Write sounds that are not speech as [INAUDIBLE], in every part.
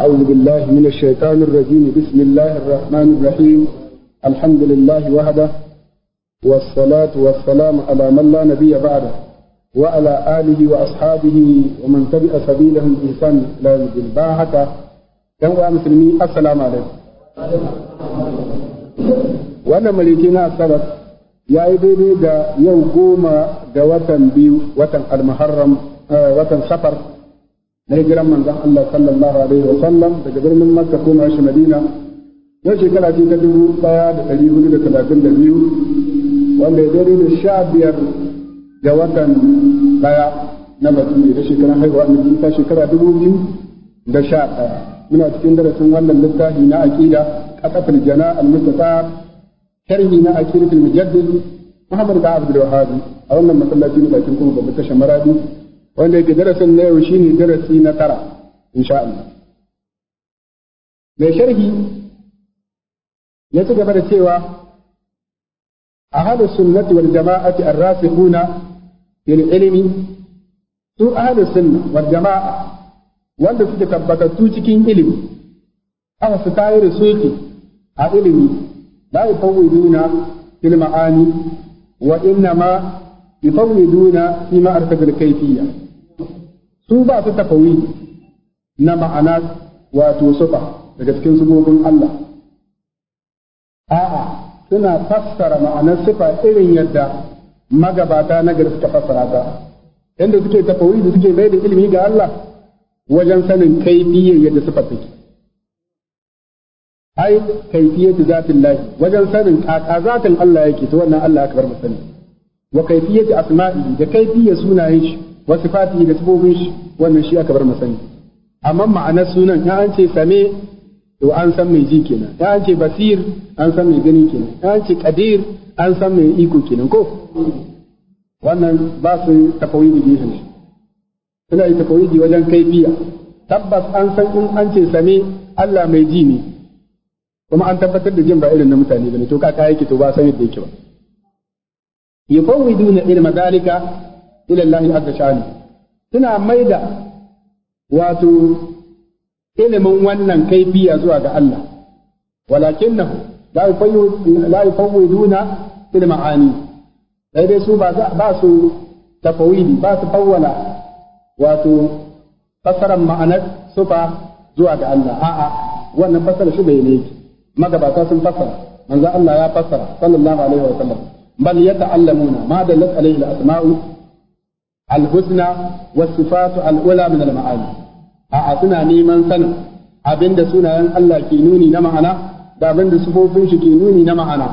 أعوذ بالله من الشيطان الرجيم بسم الله الرحمن الرحيم الحمد لله وحده والصلاة والسلام على من لا نبي بعده وعلى آله وأصحابه ومن تبع سبيلهم بإحسان إلى يوم الدين باهتا يوم مسلمين السلام عليكم wannan maliki na asabar ya yi daidai da yau goma ga watan biyu watan almuharram watan safar na hijiran manzon Allah sallallahu alaihi wa sallam daga birnin Makka ko shi Madina yau shekara ce ta dubu ɗaya da ɗari hudu da talatin da biyu wanda ya daidai da sha biyar da watan ɗaya na baturi da shekaran haihuwa na ta shekara dubu biyu da sha ɗaya muna cikin darasin wannan littafi na aƙida ƙasafin jana al-mustata sharhi na aƙidatul mujaddid Muhammadu da Abdul Wahhab a wannan masallaci ne bakin kuma babbar tashar Maradi wanda yake darasin na yau shine darasi na tara insha Allah mai sharhi ya ci gaba da cewa wal jama'ati ar rasikhuna fil ilmi su ahlu sunna wal jama'a wanda suke tabbatattu cikin ilimi aka su tayi rasuki a ilimi la yufawwiduna fil ma'ani wa inna ma yufawwiduna fi ma arsabil kayfiyya su ba su tafawi na ma'ana wato sufa daga cikin sufofin Allah a'a suna fassara ma'anar sufa irin yadda magabata na gari suka fassara ta yadda suke tafawi da suke bai da ilimi ga Allah wajen sanin kaifiyar yadda sufa take ai ta zatin lahi wajen sanin kaka zatin Allah yake ta wannan Allah aka bar mu sani wa ta asma'i da kaifiyar sunayen shi Wasu Fati da sifofin shi wannan shi aka bar mu sani amma ma'anar sunan ya an ce same to an san mai ji kenan ya an ce basir an san mai gani kenan ya an ce qadir an san mai iko kenan ko wannan ba su tafawidi gehen shi suna yi tafawidi wajen kai biya, tabbas an san in an ce same Allah mai ji ne kuma an tabbatar da jin ba irin na mutane bane to kaka yake to ba san yadda yake ba yufawiduna ilma dalika ila Allah azza shani suna maida wato ilimin wannan kaifiya zuwa ga Allah walakinnahu la yufawwidu la yufawwiduna fil ma'ani sai dai su ba ba su tafawidi ba su fawwala wato fasaran ma'anar sufa zuwa ga Allah a'a wannan fasara shi bai ne magabata sun fasara manzo Allah ya fasara sallallahu alaihi wa sallam bal yata'allamuna ma dallat alaihi al-asma'u al-husna was sifatu al-ula min suna neman sanin abinda sunayen Allah ke nuni na ma'ana da abinda sifofin shi ke nuni na ma'ana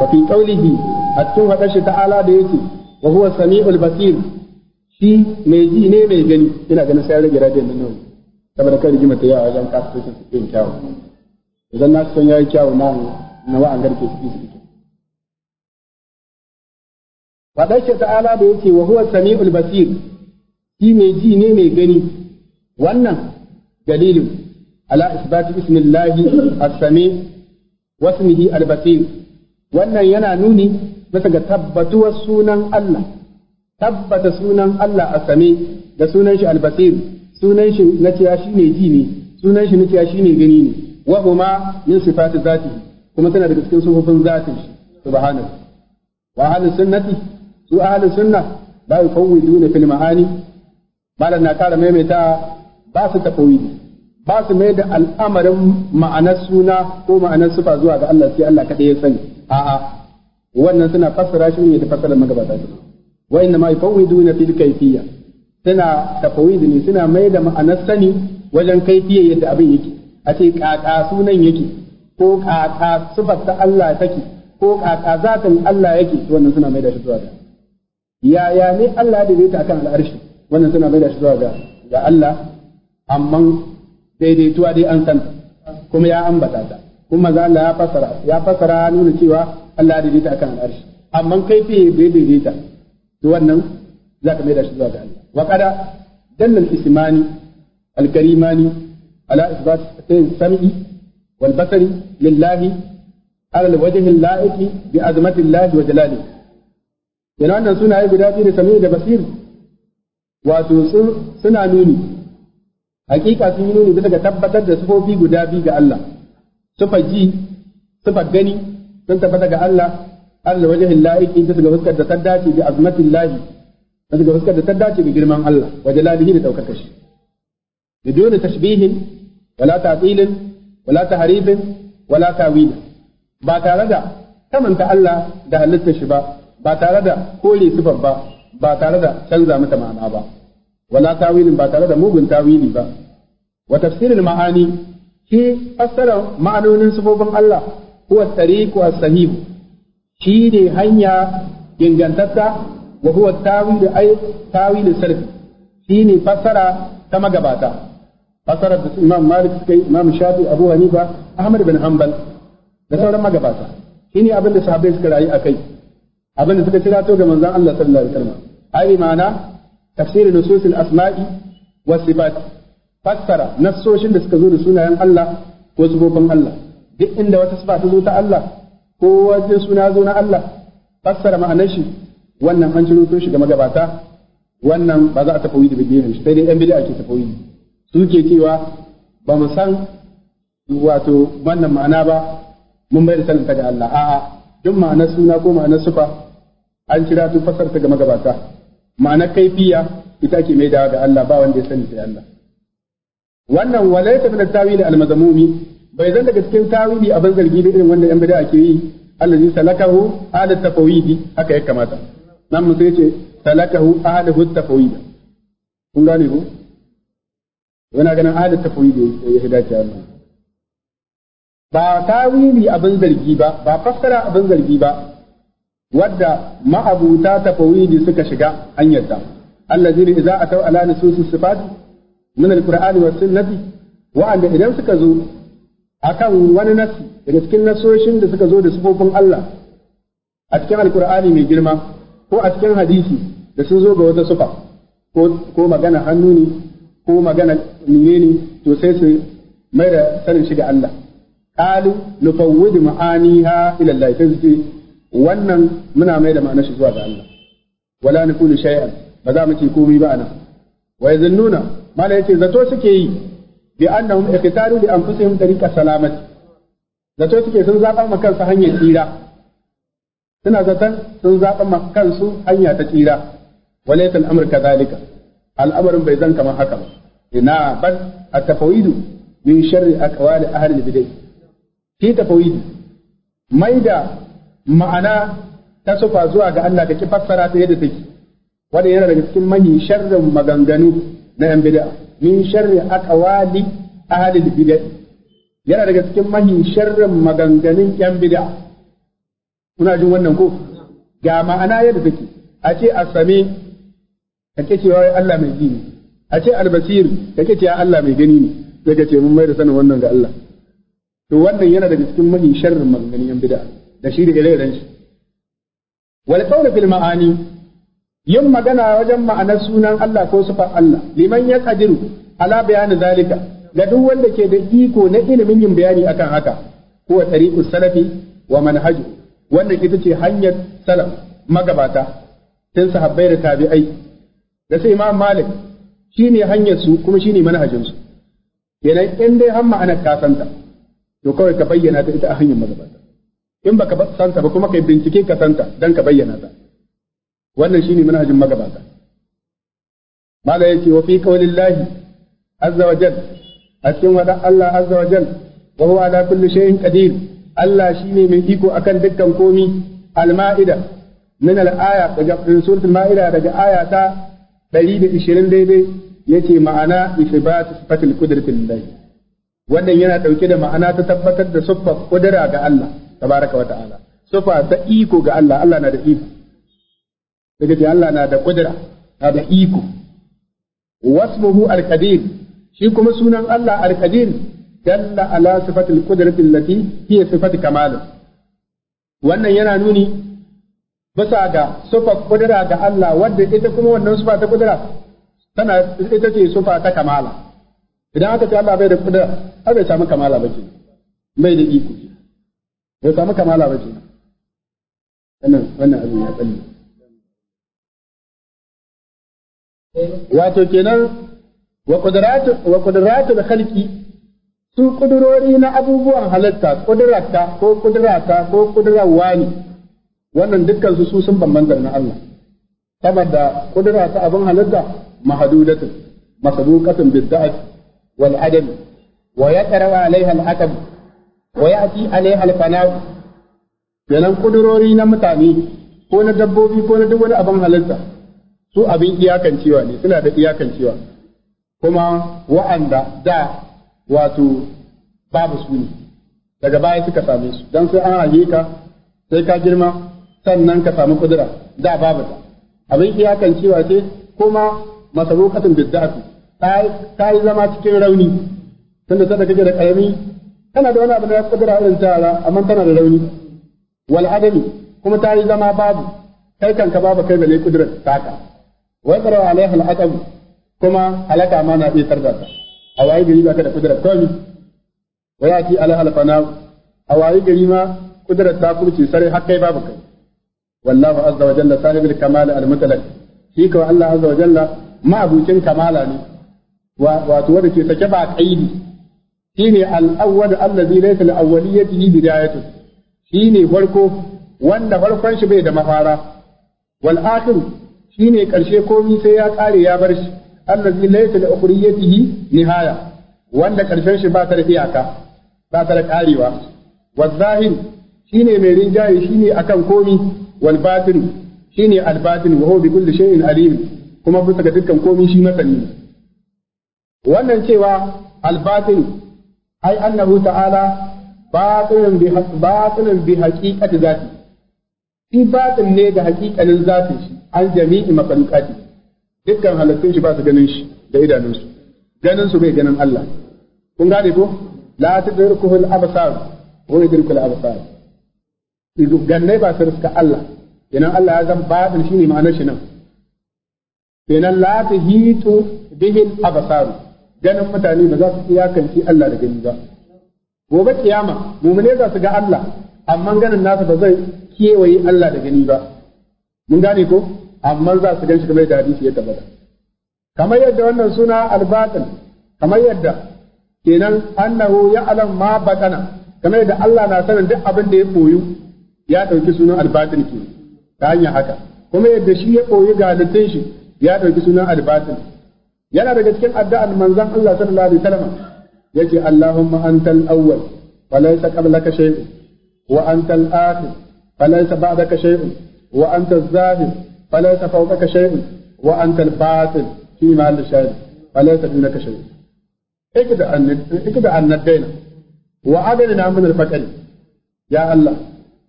wa fi qawlihi a cikin wadar shi ta'ala da yake wa huwa sami'ul basir shi mai ji ne mai gani ina ganin sai rage radiyar nan nawa saboda kan rigima ta yawa wajen kasuwancin su yin kyawu idan na san yayi kyawu na na wa'an garke su su Faɗar shi ta'ala da yake wa huwa sami'ul basir, shi mai ji ne mai gani, wannan dalilin ala isbati ismillahi as-sami wa ismihi al-basir. Wannan yana nuni bisa ga tabbatuwar sunan Allah, tabbata sunan Allah as-sami da sunan shi al-basir, sunan shi na cewa shi ne ji ne, sunan shi na cewa shi ne gani ne, wa huma min sifati zati kuma tana daga cikin sufufin zatin shi subhanahu wa ahlus sunnati su ahlus sunna la yufawwiduna fil ma'ani malam na kara maimaita ba su tafawidi ba su mai da al'amarin ma'anar suna ko ma'anar sufa zuwa ga Allah sai Allah kaɗai ya sani a'a wannan suna fassara shi ne da fassarar magabata su wa inna ma yufawiduna fil kayfiyya suna tafawidi ne suna mai da ma'anar sani wajen kaifiyar yadda abin yake a ce kaka sunan yake ko kaka sufar ta Allah take ko kaka zatin Allah yake wannan suna mai da shi zuwa ga yaya ne Allah ya daidaita kan al'arshi wannan suna bai da shi zuwa ga ga Allah amma daidaituwa dai an san kuma ya ambata ta kuma za Allah ya fassara, ya fasara nuna cewa Allah ya daidaita akan al'arshi amma kaifi bai daidaita to wannan za ka mai da shi zuwa ga Allah wa qada dalla al-ismani al-karimani ala isbat sam'i wal basari lillahi ala al-wajhi al-la'iqi bi azmati Allah wa jalalihi yana wannan sunaye guda biyu da sami da basir wato suna nuni hakika sun yi nuni bisa ga tabbatar da sufofi guda biyu ga Allah sufa ji sufa gani sun tabbata ga Allah Allah wajen la'iki ta ga fuskar da ta dace bi azmatin lahi ta ga fuskar da ta dace bi girman Allah wajen jalalihi da daukar shi bidon tashbihin wala ta'tilin wala tahrifin wala tawil ba tare da kamanta Allah da halittar shi ba ba tare da kore sifar ba ba tare da canza mata ma'ana ba wala tawilin ba tare da mugun tawili ba wa tafsirin ma'ani shi fassara ma'anonin sifofin Allah huwa tariq wa sahih shi ne hanya ingantatta wa huwa tawil ay tawil sarfi shi ne fassara ta magabata fassara da Imam Malik kai Imam Shafi Abu Hanifa Ahmad bin Hanbal da sauran magabata shi ne abin da sahabbai suka rayu akai Abin da suka kira to ga manzon Allah sallallahu alaihi wasallam ai ma'ana tafsirin nususil asma'i was sifat fassara nassoshin da suka zo da sunayen Allah ko sifofin Allah duk inda wata sifa ta zo ta Allah ko wata suna zo na Allah fassara ma'anar shi wannan an ciro shi ga magabata wannan ba za a tafawi da bidiyon shi sai dai yan bid'a ke tafawi su ke cewa ba mu san wato wannan ma'ana ba mun bai da sanin ta ga Allah a'a duk ma'anar suna ko ma'anar sufa an kira tun fasar ta ga magabata ma'ana kaifiya ita ke mai dawa ga Allah ba wanda ya sani sai Allah wannan walaita min tawili al-mazmumi bai zan daga cikin tawili abin zargi da irin wanda yan bid'a ke yi allazi salakahu ala tafawidi haka ya kamata nan mu sai ce salakahu ala tafawid kun gane ko yana ganin ala tafawid ya hidace Allah ba tawili abin zargi ba ba fassara abin zargi ba wadda ma'abuta tafawidi suka shiga an yadda allazina idza ataw ala nususis sifat min alqur'ani was sunnati wa'anda idan suka zo akan wani nasi daga cikin nasoshin da suka zo da sifofin Allah a cikin alkur'ani mai girma ko a cikin hadisi da sun zo ga wata sufa ko magana hannu ne ko magana nune ne to sai su mai da sanin shi ga Allah qalu nufawwidu ma'aniha ila Allah sai su wannan muna mai da ma'anar shi zuwa ga Allah wala ni naqulu shay'an ba za mu ce komai ba anan wa yazunnuna mala yace zato suke yi bi annahum iqtaru li anfusihim tariqa salamati zato suke sun zaɓa ma kansu hanyar tsira suna zaton sun zaɓa ma kansu hanya ta tsira walaysa al-amr kadhalika al'amarin bai zan kamar haka ba ina bal at-tafawidu min sharri aqwali ahli al-bid'ah fi tafawidu maida ma'ana ta sufa zuwa ga Allah da take fassara ta yadda take wanda yana daga cikin mani sharrin maganganu na yan bid'a min sharri aqwali ahli bid'ah yana daga cikin mani sharrin maganganun yan bid'a kuna jin wannan ko ga ma'ana yadda take a ce asami kake cewa Allah mai gini ne a ce albasir kake cewa Allah mai gani ne daga ce mun mai da sanin wannan ga Allah to wannan yana daga cikin mani sharrin maganganun yan bid'a da shi da ire shi wal qawlu fil ma'ani yin magana wajen ma'anar sunan Allah ko sifar Allah liman ya qadiru ala bayani zalika ga duk wanda ke da iko na ilimin yin bayani akan haka huwa tariqus salafi wa manhaju wanda ita ce hanyar salaf magabata tun sahabbai da tabi'ai da sai imam malik shine hanyar su kuma shine manhajinsu. su kenan in dai har ma'anar kasanta, to kawai ka bayyana ta ita a hanyar magabata in baka ba santa ba kuma kai bincike ka santa dan ka bayyana ta wannan shine manhajin magabata mala yake wa fi qaulillahi azza wa jal a cikin wada Allah azza wa jal wa huwa ala kulli shay'in qadir Allah shine mai iko akan dukkan komi al-ma'ida min al-aya daga suratul ma'ida daga aya ta 120 daidai yace ma'ana isbat sifatul qudratillahi wannan yana dauke da ma'ana ta tabbatar da siffar kudura ga Allah tabaraka wa ta'ala sufa ta iko ga Allah Allah na da iko daga ce Allah na da kudura na da iko wasmuhu al-qadir shi kuma sunan Allah al-qadir dalla ala sifati al qudrati allati hiya sifati kamal wannan yana nuni bisa ga sufa kudura ga Allah wanda ita kuma wannan sufa ta kudura tana ita ce sufa ta kamala idan aka ce Allah bai da kudura har bai samu kamala ba ke bai da iko bai samu kamala ba na, wannan wannan abin ya tsalle wato kenan wa qudratu wa qudratu su kudurori na abubuwan halitta kudurarta ko kudurata ko kudurar ne wannan dukkan su sun bambanta na Allah saboda kudura abin halitta mahadudatun masbuqatun bid-da'at wal adam wa yaqra 'alayha al-aqab wa ya'ti alaiha al-fana'u kenan kudurori na mutane ko na dabbobi ko na duk wani abin halitta su abin iyakancewa ne suna da iyakancewa kuma wa'anda da wato babu su ne daga baya suka same su dan sai an hage ka sai ka girma sannan ka samu kudura da babu ta abin iyakancewa ce kuma masarukatun bidda'atu ta yi zama cikin rauni tunda sai da kake da karami tana da wani abu da kudura irin ta yara amma tana da rauni wal adami kuma ta yi zama babu kai kanka babu kai bane kudurar taka wa yaqra alaiha al aqab kuma halaka ma na iya tarda ta a wayi gari ba ka da kudurar komi wa yati alaiha al fana a wayi gari ma kudurar ta kurce sare har kai babu kai wallahu azza wa jalla sahibul kamal al mutlaq shi ka Allah azza wa jalla ma abucin kamala ne wato wanda ke sake ba kaidi shine al-awwal allazi laysa li awwaliyatihi bidayatu shine farko wanda farkon shi bai da mafara wal akhir shine karshe komi sai ya kare ya bar shi allazi laysa li ukhriyatihi nihaya wanda karshen shi ba ta da iyaka ba ta da karewa wal zahir shine mai rinjaye shine akan komai wal batin shine al batin wa huwa bi kulli shay'in alim kuma bisa ga dukkan komi shi masani wannan cewa al batin ai annahu ta'ala batilun bi batilun bi haqiqati zati shi batil ne ga haƙiƙanin zatin an jami'i makalukati dukkan halittun shi ba su ganin shi da idanunsu ganin su bai ganin Allah kun gane ko la tudrikuhu al-absar wa yudriku al-absar ganne ba su riska Allah kenan Allah ya ma'anar shi nan kenan la tahitu bihi al ganin mutane ba za su iyakanci Allah da gani ba gobe kiyama mumune za su ga Allah amma ganin nasa ba zai kewaye Allah da gani ba mun gane ko amma za su ganshi kamar yadda hadisi ya tabbata kamar yadda wannan suna albatin kamar yadda kenan annahu alam ma batana kamar yadda Allah na sanin duk abin da ya koyu ya ɗauki sunan albatin ke ta hanyar haka kuma yadda shi ya koyi ga shi ya ɗauki sunan albatin yana daga cikin addu'an manzon Allah sallallahu alaihi wasallam yace Allahumma antal awwal falaysa qablaka shay'un wa antal akhir falaysa ba'daka shay'un wa antal zahir falaysa fawqaka shay'un wa antal batin fi mahall shahid falaysa dunaka shay'un ikda an ikda an nadaina wa adana min al faqr ya Allah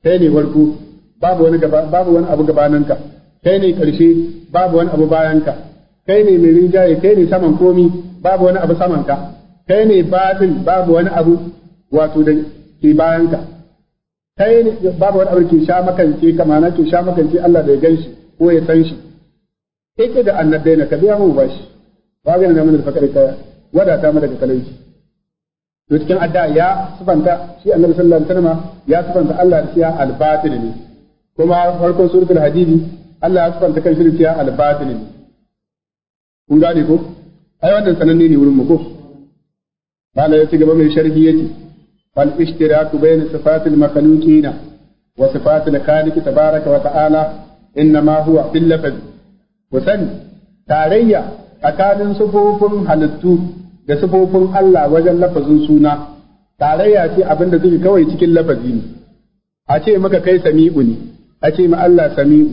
kai ne warku babu wani babu wani abu gabaninka kai ne karshe babu wani abu bayanka kai ne mai rinjaye kai ne saman komi babu wani abu saman ka kai ne batin babu wani abu wato da ke bayan ka kai ne babu wani abu ke sha makance kama na ke sha makance Allah da ya gan shi ko ya san shi ita da annabai na ka biya mu bashi babu yana mana da fakari ka wadata mu daga talauci to cikin adda ya sifanta shi annabi sallallahu alaihi wasallam ya sifanta Allah da siya al-batin ne kuma farkon suratul hadidi Allah ya sifanta kan shi da siya al-batin ne kun gane ko ai wannan sananne ne wurin mu ko bala ya ci gaba mai sharhi yace fal ishtiraku bayna sifatil makhluqina wa sifatil khaliq tabaraka wa ta'ala innama huwa fil lafz kusan tarayya tsakanin sufofin halittu da sufofin Allah wajen lafazin suna tarayya ce abinda suke kawai cikin lafazi ne a ce maka kai sami'u ne a ce ma Allah sami'u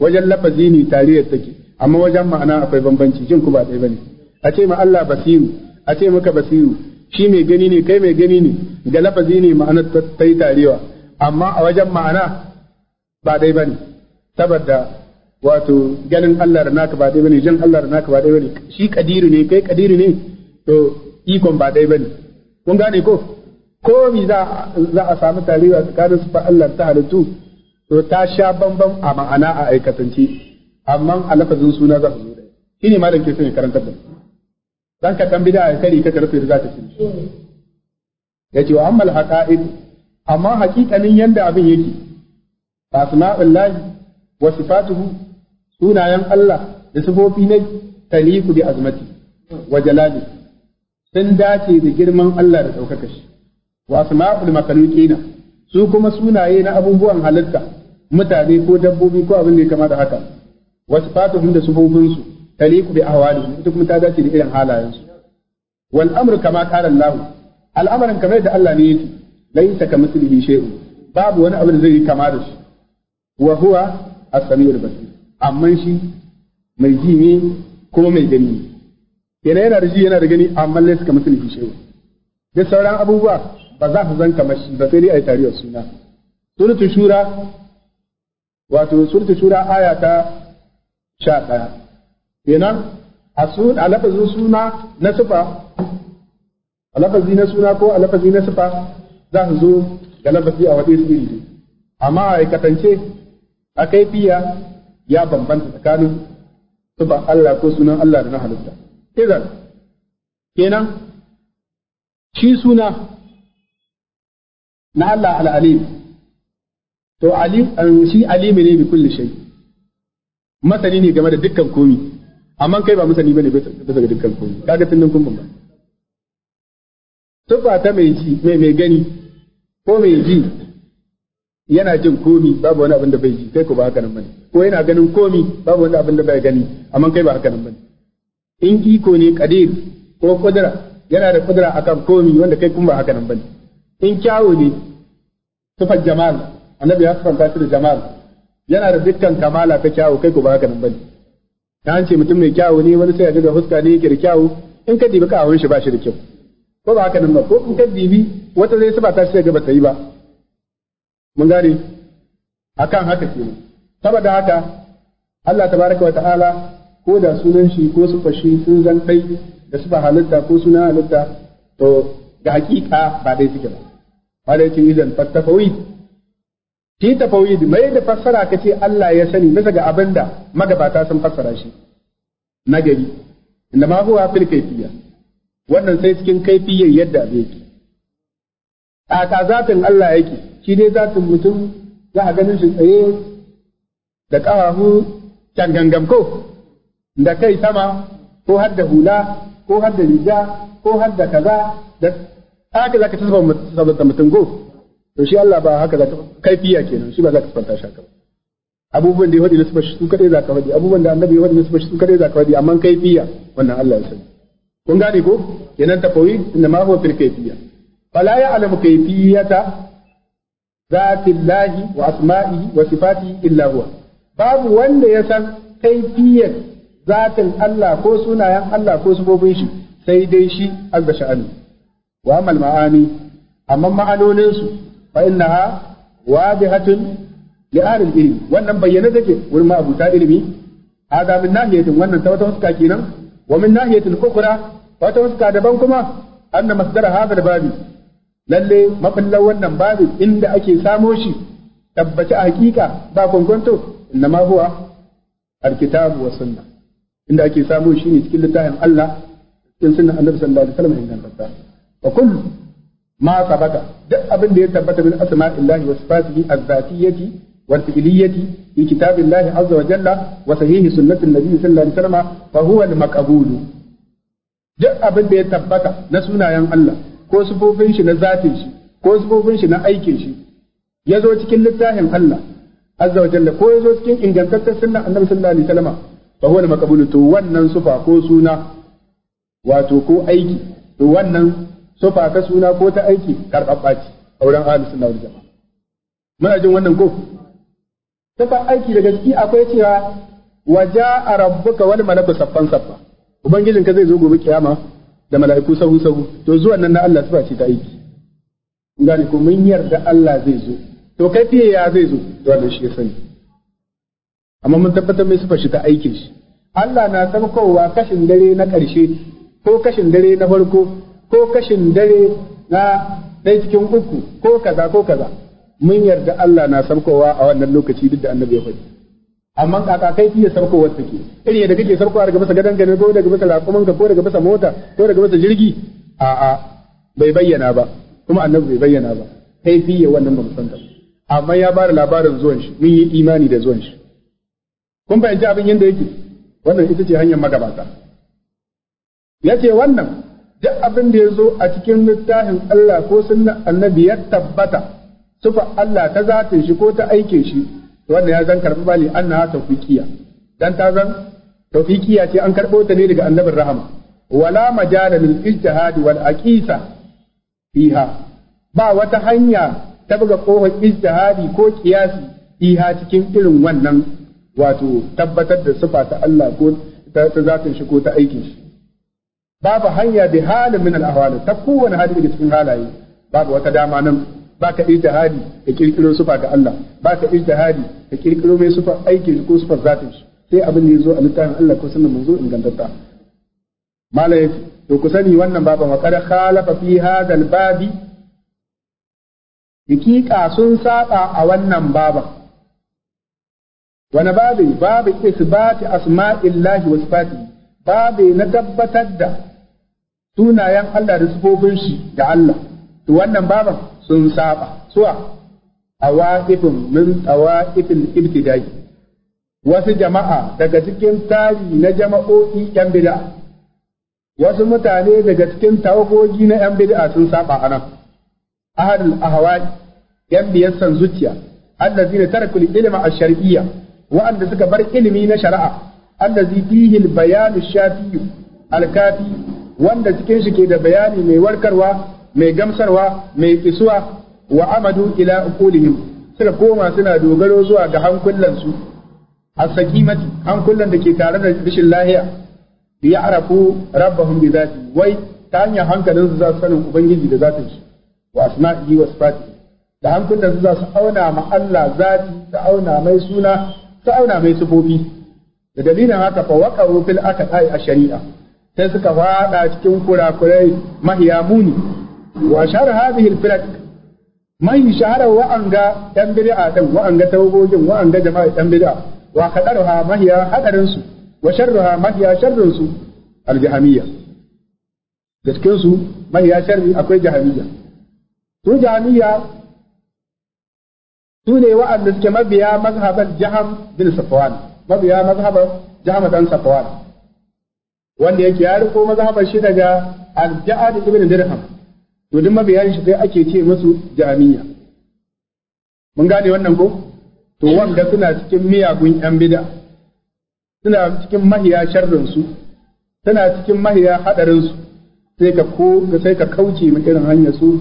wajen lafazi ne tarayyar take amma wajen ma'ana akwai bambanci jin ku ba ɗaya bane a ce ma Allah basiru a ce maka basiru shi mai gani ne kai mai gani ne ga lafazi ne ma'ana ta yi tarewa amma a wajen ma'ana ba ɗaya bane saboda wato ganin Allah da naka ba ɗaya bane jin Allah da naka ba ɗaya bane shi kadiru ne kai kadiru ne to ikon ba ɗaya bane kun gane ko ko mi za a samu tarewa tsakanin su fa Allah ta halittu to ta sha bambam a ma'ana a aikatance amma a lafazin suna za su zo ɗaya shi ne malam ke son ya karanta da dan ka dan bid'a ya kari ka tarfe za ta Ya ce wa ammal haqa'iq amma haƙiƙanin yanda abin yake asma'ullahi wa sifatuhu sunayen Allah da sifofi na taliku bi azmati wa jalali sun dace da girman Allah da ɗaukaka shi wa asma'ul makhluqina su kuma sunaye na abubuwan halitta mutane ko dabbobi ko abin da ya kama da haka wasu fatuhum da sufufinsu taliku bi ahwalihim ita kuma ta dace da irin halayensu wal amru kama qala Allah kamar da Allah ne yake laysa ka mislihi shay'un babu wani abu da zai yi kama da shi wa huwa as shi mai ji ne kuma mai gani yana yana da ji yana da gani amma laysa ka mislihi shay'un da sauran abubuwa ba za su zan kamar shi ba sai dai ai tariyar suna suratul shura wato suratul shura aya ta sha ɗaya kenan a sun a suna na sufa a lafazi na suna ko a lafazi na sufa za su zo da lafazi a waɗe su iri amma a aikatance a kaifiya ya bambanta tsakanin sifa Allah ko sunan Allah da na halitta Izan. kenan shi suna na Allah al to ali shi alimi ne bi kulli shai. masani ne game da dukkan komi amma kai ba masani bane bisa ga dukkan komi kaga tunan kun ba tufa ta mai ji mai mai gani ko mai ji yana jin komi babu wani abin da bai ji kai ko ba haka nan bane ko yana ganin komi babu wani abin da bai gani amma kai ba haka nan bane in iko ne kadir ko kudura yana da kudura akan komi wanda kai kun ba haka nan bane in kyawo ne tufar jamal annabi ya sifanta shi da jamal yana da dukkan kamala ta kyawu kai ko ba haka nan bane ta an ce mutum mai kyawu ne wani sai ya ga fuska ne yake da kyawu in ka dibi kawun shi ba shi da kyau ko ba haka nan ba ko in ka dibi wata zai saba ta shi ga ba ta yi ba mun gane akan haka ke saboda haka Allah tabaraka wa ta'ala ko da sunan shi ko su fashi sun zan kai da su ba halitta ko sunan halitta to ga hakika ba dai suke ba wala yake idan fattafawit fi tafawid mai da fassara ka ce Allah ya sani bisa ga abin da magabata sun fassara shi na gari inda ma huwa fil kaifiya. wannan sai cikin kaifiyyar yadda zai yi a ka zatin Allah yake shi dai zatin mutum za a ganin shi tsaye da ƙawahu can gangan ko da kai sama ko har da hula ko har da riga ko har da kaza da haka za ka ci mutum go to shi Allah ba haka zaka kaifiya kenan shi ba zaka kwanta shi haka abubuwan da ya faɗi nisbar shi su kadai zaka faɗi abubuwan da annabi ya faɗi nisbar shi su kadai zaka faɗi amma kaifiya wannan Allah ya sani kun gane ko kenan tafawi inna ma huwa fil kaifiya fala ya'lamu kaifiyata ذات wa وأسمائه illa إلا Babu wanda ya san كيفية zatin Allah ko sunayen Allah ko سبوبين shi sai dai shi azza sha'ani wa amal ma'ani amma ma'anonin su fa innaha wadihatun li ahlil ilmi wannan bayyana take wurin ma'abuta ilimi hada min nahiyatin wannan ta wata fuska kenan wa min nahiyatin ukhra wata daban kuma anna masdara hada babi lalle mafallan wannan babu inda ake samo shi tabbaci a hakika ba kwankwanto inna ma huwa alkitabu wa sunna inda ake samo shi ne cikin littafin Allah cikin sunnan annabi sallallahu alaihi wasallam inda ta ma sabata duk abin da ya tabbata min asma'illahi wa sifatihi az-zatiyyati wal fi'liyyati fi kitabillahi azza wa jalla wa sahihi sunnatin nabi sallallahu alaihi wasallam fa huwa al-maqbul duk abin da ya tabbata na sunayen Allah ko sifofin shi na zatin shi ko sifofin shi na aikin shi ya zo cikin littafin Allah azza wa jalla ko ya zo cikin ingantaccen sunnan annabi sallallahu alaihi wasallam fa huwa al-maqbul to wannan sufa ko suna wato ko aiki to wannan sofa ka suna ko ta aiki karɓaɓɓa ce wurin ahlus sunna wal jama'a muna jin wannan ko sofa aiki daga gaske akwai cewa a rabbuka wal malaku saffan saffa ka zai zo gobe kiyama da mala'iku sahu sahu to zuwan nan na Allah sufa ce ta aiki gane ko mun yarda Allah zai zo to kai fiye ya zai zo to wannan shi ya sani amma mun tabbatar mai sufa shi ta aikin shi Allah na saukowa kashin dare na ƙarshe ko kashin dare na farko ko kashin dare na ɗaya cikin uku ko kaza ko kaza mun yarda Allah na sabkowa a wannan lokaci duk da annabi ya faɗi amma kaka kai kike sabkowar take irin yadda kake sabkowa daga masa gadan gane ko daga masa raƙuman ka ko daga masa mota ko daga masa jirgi a a bai bayyana ba kuma annabi bai bayyana ba kai fiye wannan ba mu san ta amma ya bada labarin zuwan shi mun yi imani da zuwan shi kun fahimci abin yadda yake wannan ita ce hanyar magabata ya ce wannan duk abin da ya zo a cikin littafin Allah ko sunna annabi ya tabbata sufa Allah ta zatin shi ko ta aikin shi wannan ya zan karɓi bali an na tawfiqiya dan ta zan tawfiqiya ce an karɓo ta ne daga annabin rahama wala majala lil ijtihad wal aqisa fiha ba wata hanya ta buga kofar ijtihadi ko kiyasi fiha cikin irin wannan wato tabbatar da sufa ta Allah ko ta zatin shi ko ta aikin shi babu hanya bi halin min al ta kowane hali daga cikin halaye babu wata dama nan ba ka ijtihadi ka kirkiro sufa ga Allah ba ka ijtihadi ka kirkiro mai sufa aiki ko sufa zatin shi sai abin da yazo a littafin Allah ko sunan manzo ingantatta malai yace to ku sani wannan baban wa kada khalafa fi hadha al-babi hakika sun saba a wannan baba wani babi babu isbati asma'illahi wa sifatihi babe na tabbatar da sunayen Allah da sufofin shi da Allah to wannan baban sun saba suwa a wa’ifin min awaqifil ibtidai wasu jama'a daga cikin tari na jama'o'i yan bid'a wasu mutane daga cikin tawagogi na yan bid'a sun saba a anan a ahwa'i yan biyar san zuciya allazina tarakul ilima a shari’iyya, wa'anda suka bar ilimi na shari'a allazi fihi al-bayan shafi al-kafi wanda cikin shi ke da bayani mai warkarwa mai gamsarwa mai kisuwa wa amadu ila uqulihim suka koma suna dogaro zuwa ga hankulan su as-saqimati hankulan da ke tare da rishin lahiya bi ya'rafu rabbahum bi dhati wai ta hanyar hankalin su za su sanin ubangiji da zatin shi wa asma'ihi wa sifatihi da hankulan su za su auna ma Allah zati su auna mai suna su auna mai sifofi da dalilin haka fa waqa'u fil aqda'i ash-shari'a sai suka faɗa cikin kurakurai mahiya muni wa shar hadhihi al-firaq mai shahara wa anga dan bid'a din wa'anga anga wa'anga jama'a dan bid'a wa kadaruha mahiya hadarin su wa sharruha mahiya sharrin su al-jahamiyya da cikin su mahiya sharri akwai jahamiyya su jahamiyya su ne wa'anda suke mabiya mazhaban jaham bin safwan mabiya mazhabar Jahma dan Safwan wanda yake ya riko mazhabar shi daga Al-Ja'ad ibn Dirham to duk mabiyan shi sai ake ce musu Jami'a mun gane wannan ko to wanda suna cikin miyagun yan bid'a suna cikin mahiya sharrin su suna cikin mahiya hadarin su sai ka ko sai ka kauce mu irin hanyar su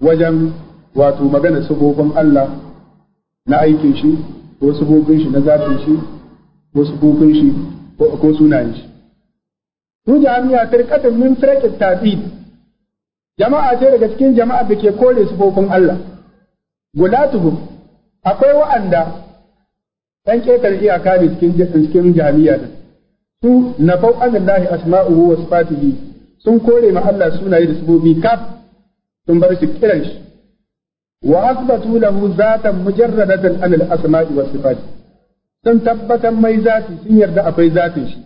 wajen wato magana sufofin Allah na aikin shi ko sufofin shi na zafin shi Wasu sufofin shi ko sunayen shi su jami'a tarkatan min firqat jama'a ce daga cikin jama'a da ke kore sufofin Allah Gulatuhu, akwai wa'anda ɗan ƙetar iyaka ne cikin cikin jami'a da. su nafau anallahi asma'uhu wa sifatihi sun kore ma Allah sunaye da sufofi kaf sun bar shi kiran shi wa asbatu lahu zatan mujarradatan anil asma'i wa sifati sun tabbatar mai zati sun yarda akwai zatin shi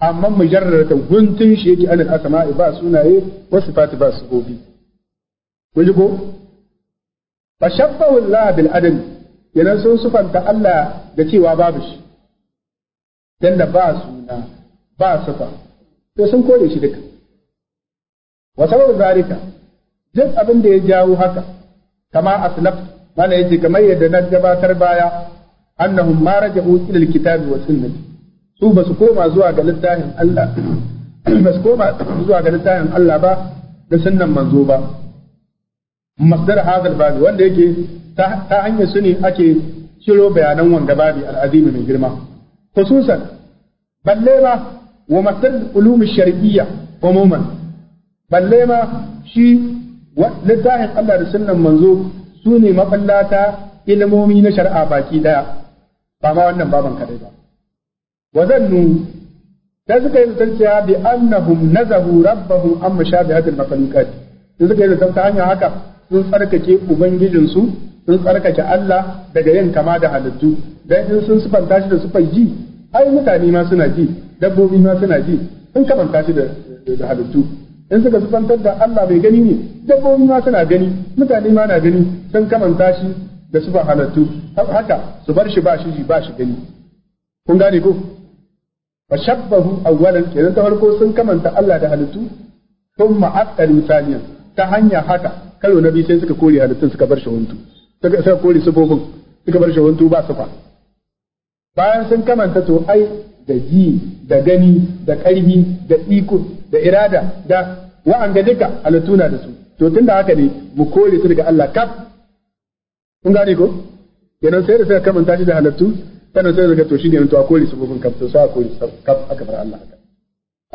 amma mujarratan guntun shi yake anil asma'i ba sunaye wa sifati ba sifofi kun ji ko fashabbahu Allah bil adam yana sun sufanta Allah da cewa babu shi dan da ba suna ba sifa to sun kore shi duka wa sabab zalika duk abin da ya jawo haka kama aslaf mana yace kamar yadda na gabatar baya annahum ma raja'u ila alkitabi wa sunnati su basu koma zuwa ga littafin Allah [CLEARS THROAT] basu koma zuwa ga littafin Allah ba da sunnan manzo ba masdar hadal babi wanda yake ta hanyar su ne ake ciro bayanan wanga babi al'azimi mai girma khususan balle ma wa masdar ulumi shar'iyya umuman balle ma shi littafin Allah da sunnan manzo su ne mafallata ilmomi na shari'a baki daya ba ma wannan baban kadai ba wa zannu sai suka yi zaton cewa bi annahum nazahu rabbahum amma shabihatil makhluqat sai suka yi zaton ta hanyar haka sun tsarkake ubangijinsu sun tsarkake Allah daga yin kama da halittu dan in sun sufanta shi da sufar ji ai mutane ma suna ji dabbobi ma suna ji sun kamanta shi da halittu in suka sufantar da Allah bai gani ne dabbobi ma suna gani mutane ma na gani sun kamanta shi da su ba halattu haka su bar shi ba shi ba shi gani kun gane ko fa shabbahu awwalan kenan ta farko sun kamanta Allah da halittu thumma aqalu thaniyan ta hanya haka karo na biyu sai suka kore halittun suka bar wuntu suka suka kore sufofin suka bar wuntu ba fa. bayan sun kamanta to ai da ji da gani da ƙarfi da iko da irada da wa'anga duka halittu na da su to tunda haka ne mu kore su daga Allah kaf kun gane ko kenan sai da suka ta shi da halattu kana sai daga to shi ne to a su sabobin kaf to sai a kore kaf aka bar Allah haka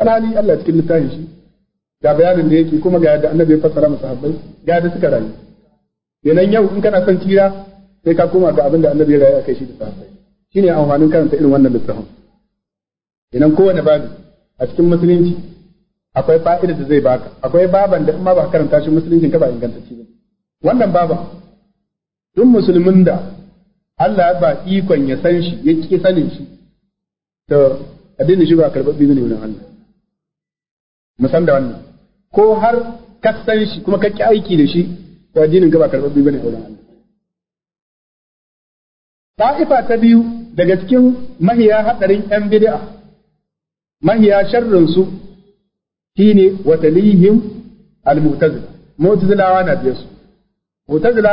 alhali Allah cikin littafin shi ga bayanin da yake kuma ga yadda annabi ya fassara masa sahabbai ga yadda suka rayu kenan yau in kana son tira sai ka koma ga abin da annabi ya rayu akai shi da sahabbai shine amfanin karanta irin wannan littafin kenan kowane babu a cikin musulunci akwai fa'ida da zai baka akwai baban da in ma ba karanta shi musulunci ka ba ingantacce ba wannan baban duk musulmin da Allah ya ba ikon ya san shi ya ki sanin shi to addinin shi ba karɓar karɓaɓɓe ne wurin Allah mu san da wannan ko har ka san shi kuma ka ki aiki da shi to addinin ka ba karɓar karɓaɓɓe ne wurin Allah ta'ifa ta biyu daga cikin mahiya hadarin yan bid'a mahiya sharrin su shine talihim al-mu'tazila mu'tazilawa na biye su mu'tazila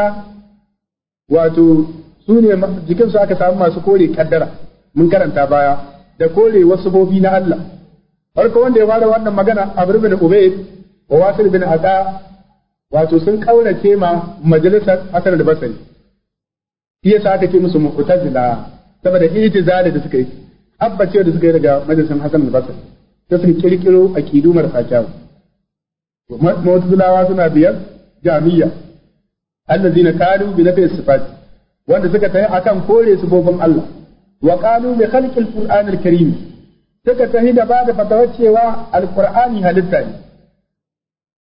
wato su ne jikinsu aka samu masu kore kaddara mun karanta baya da kore wasu bobi na Allah farko wanda ya fara wannan magana Amr da Ubaid wa Wasil bin Ada wato sun kaurace ma majalisar asar da basari. Iya sa aka ce musu mu'tazila saboda itizali da suka yi Abba ce da suka yi daga majalisar Hassan da basari. ta sun kirkiro kidu marasa kyawu mu'tazilawa suna biyar jami'a allazina qalu bi nafi sifat wanda suka a kan kore sifofin Allah wa qalu bi khalqil qur'anil karim suka tafi da bada fatawa cewa alqur'ani halitta ne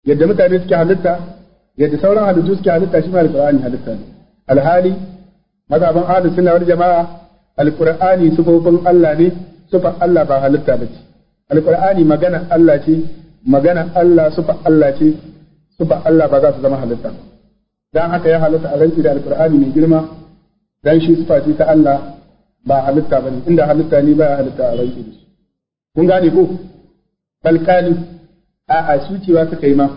yadda mutane suke halitta yadda sauran halittu suke halitta shi ma alqur'ani halitta ne alhali mazhaban ahlus sunna wal jama'a alqur'ani sifofin Allah ne sifar Allah ba halitta bace alqur'ani magana Allah ce magana Allah sifar Allah ce Allah ba za su zama halitta dan haka ya halatta a rantsi da Alkur'ani mai girma dan shi sifa ce ta Allah ba halitta bane inda halitta ne ba halitta a rantsi kun gane ko balkali a a su cewa suka yi ma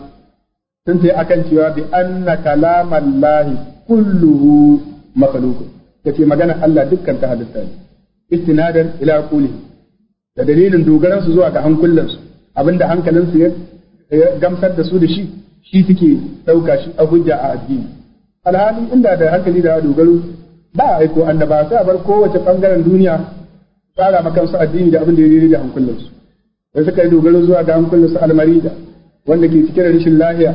sun sai akan cewa bi anna kalamallahi kulluhu makhluq kace magana Allah dukkan ta halitta ne istinadan ila quli da dalilin dogaransu su zuwa ga hankulansu abinda hankalinsu ya gamsar da su da shi shi suke ɗauka shi a hujja a addini alhalin inda da hankali da dogaro ba a aiko annaba sai a bar kowace bangaren duniya tsara su addini da abin da ya daidai da hankulansu da suka yi dogaro zuwa ga su almarida wanda ke cike da rashin lahiya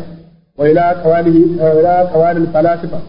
wa ila qawalihi wa ila qawalil falasifa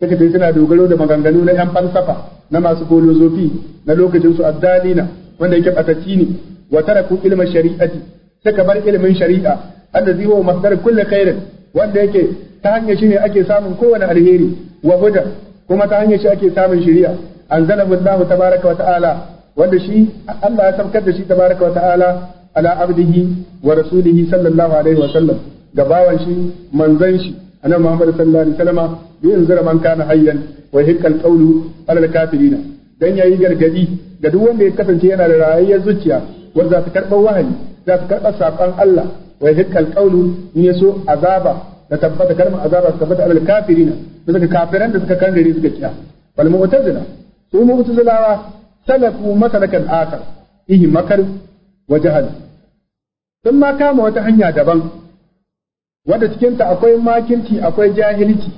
suka suna dogaro da maganganu na yan falsafa na masu filozofi na lokacin su addalina wanda yake batacci ne wa taraku ilmin shari'ati suka bar ilimin shari'a allazi huwa masdar kulli khairin wanda yake ta hanyar shi ne ake samun kowane alheri wa huda kuma ta hanyar shi ake samun shari'a anzalahu Allah tabaraka wa ta'ala wanda shi Allah ya saukar da shi tabaraka wa ta'ala ala abdihi wa rasulihi sallallahu alaihi wa sallam ga bawan shi manzon shi annabi Muhammad sallallahu alaihi wasallam bi inzira man kana hayyan wa hikkal qawlu ala kafirina dan yayi gargadi da duk wanda ya kasance yana da rayayyar zuciya wanda za ta karɓar wahayi Allah wa yadhka alqawlu in yaso azaba da tabbata kalmar azaba ta tabbata alal kafirina bisa ga kafiran da suka kangare suka kiya wal mu'tazila su mu'tazilawa salaku masalakan akar ihi makar wa jahal sun ma kama wata hanya daban wadda cikinta akwai makinci akwai jahilci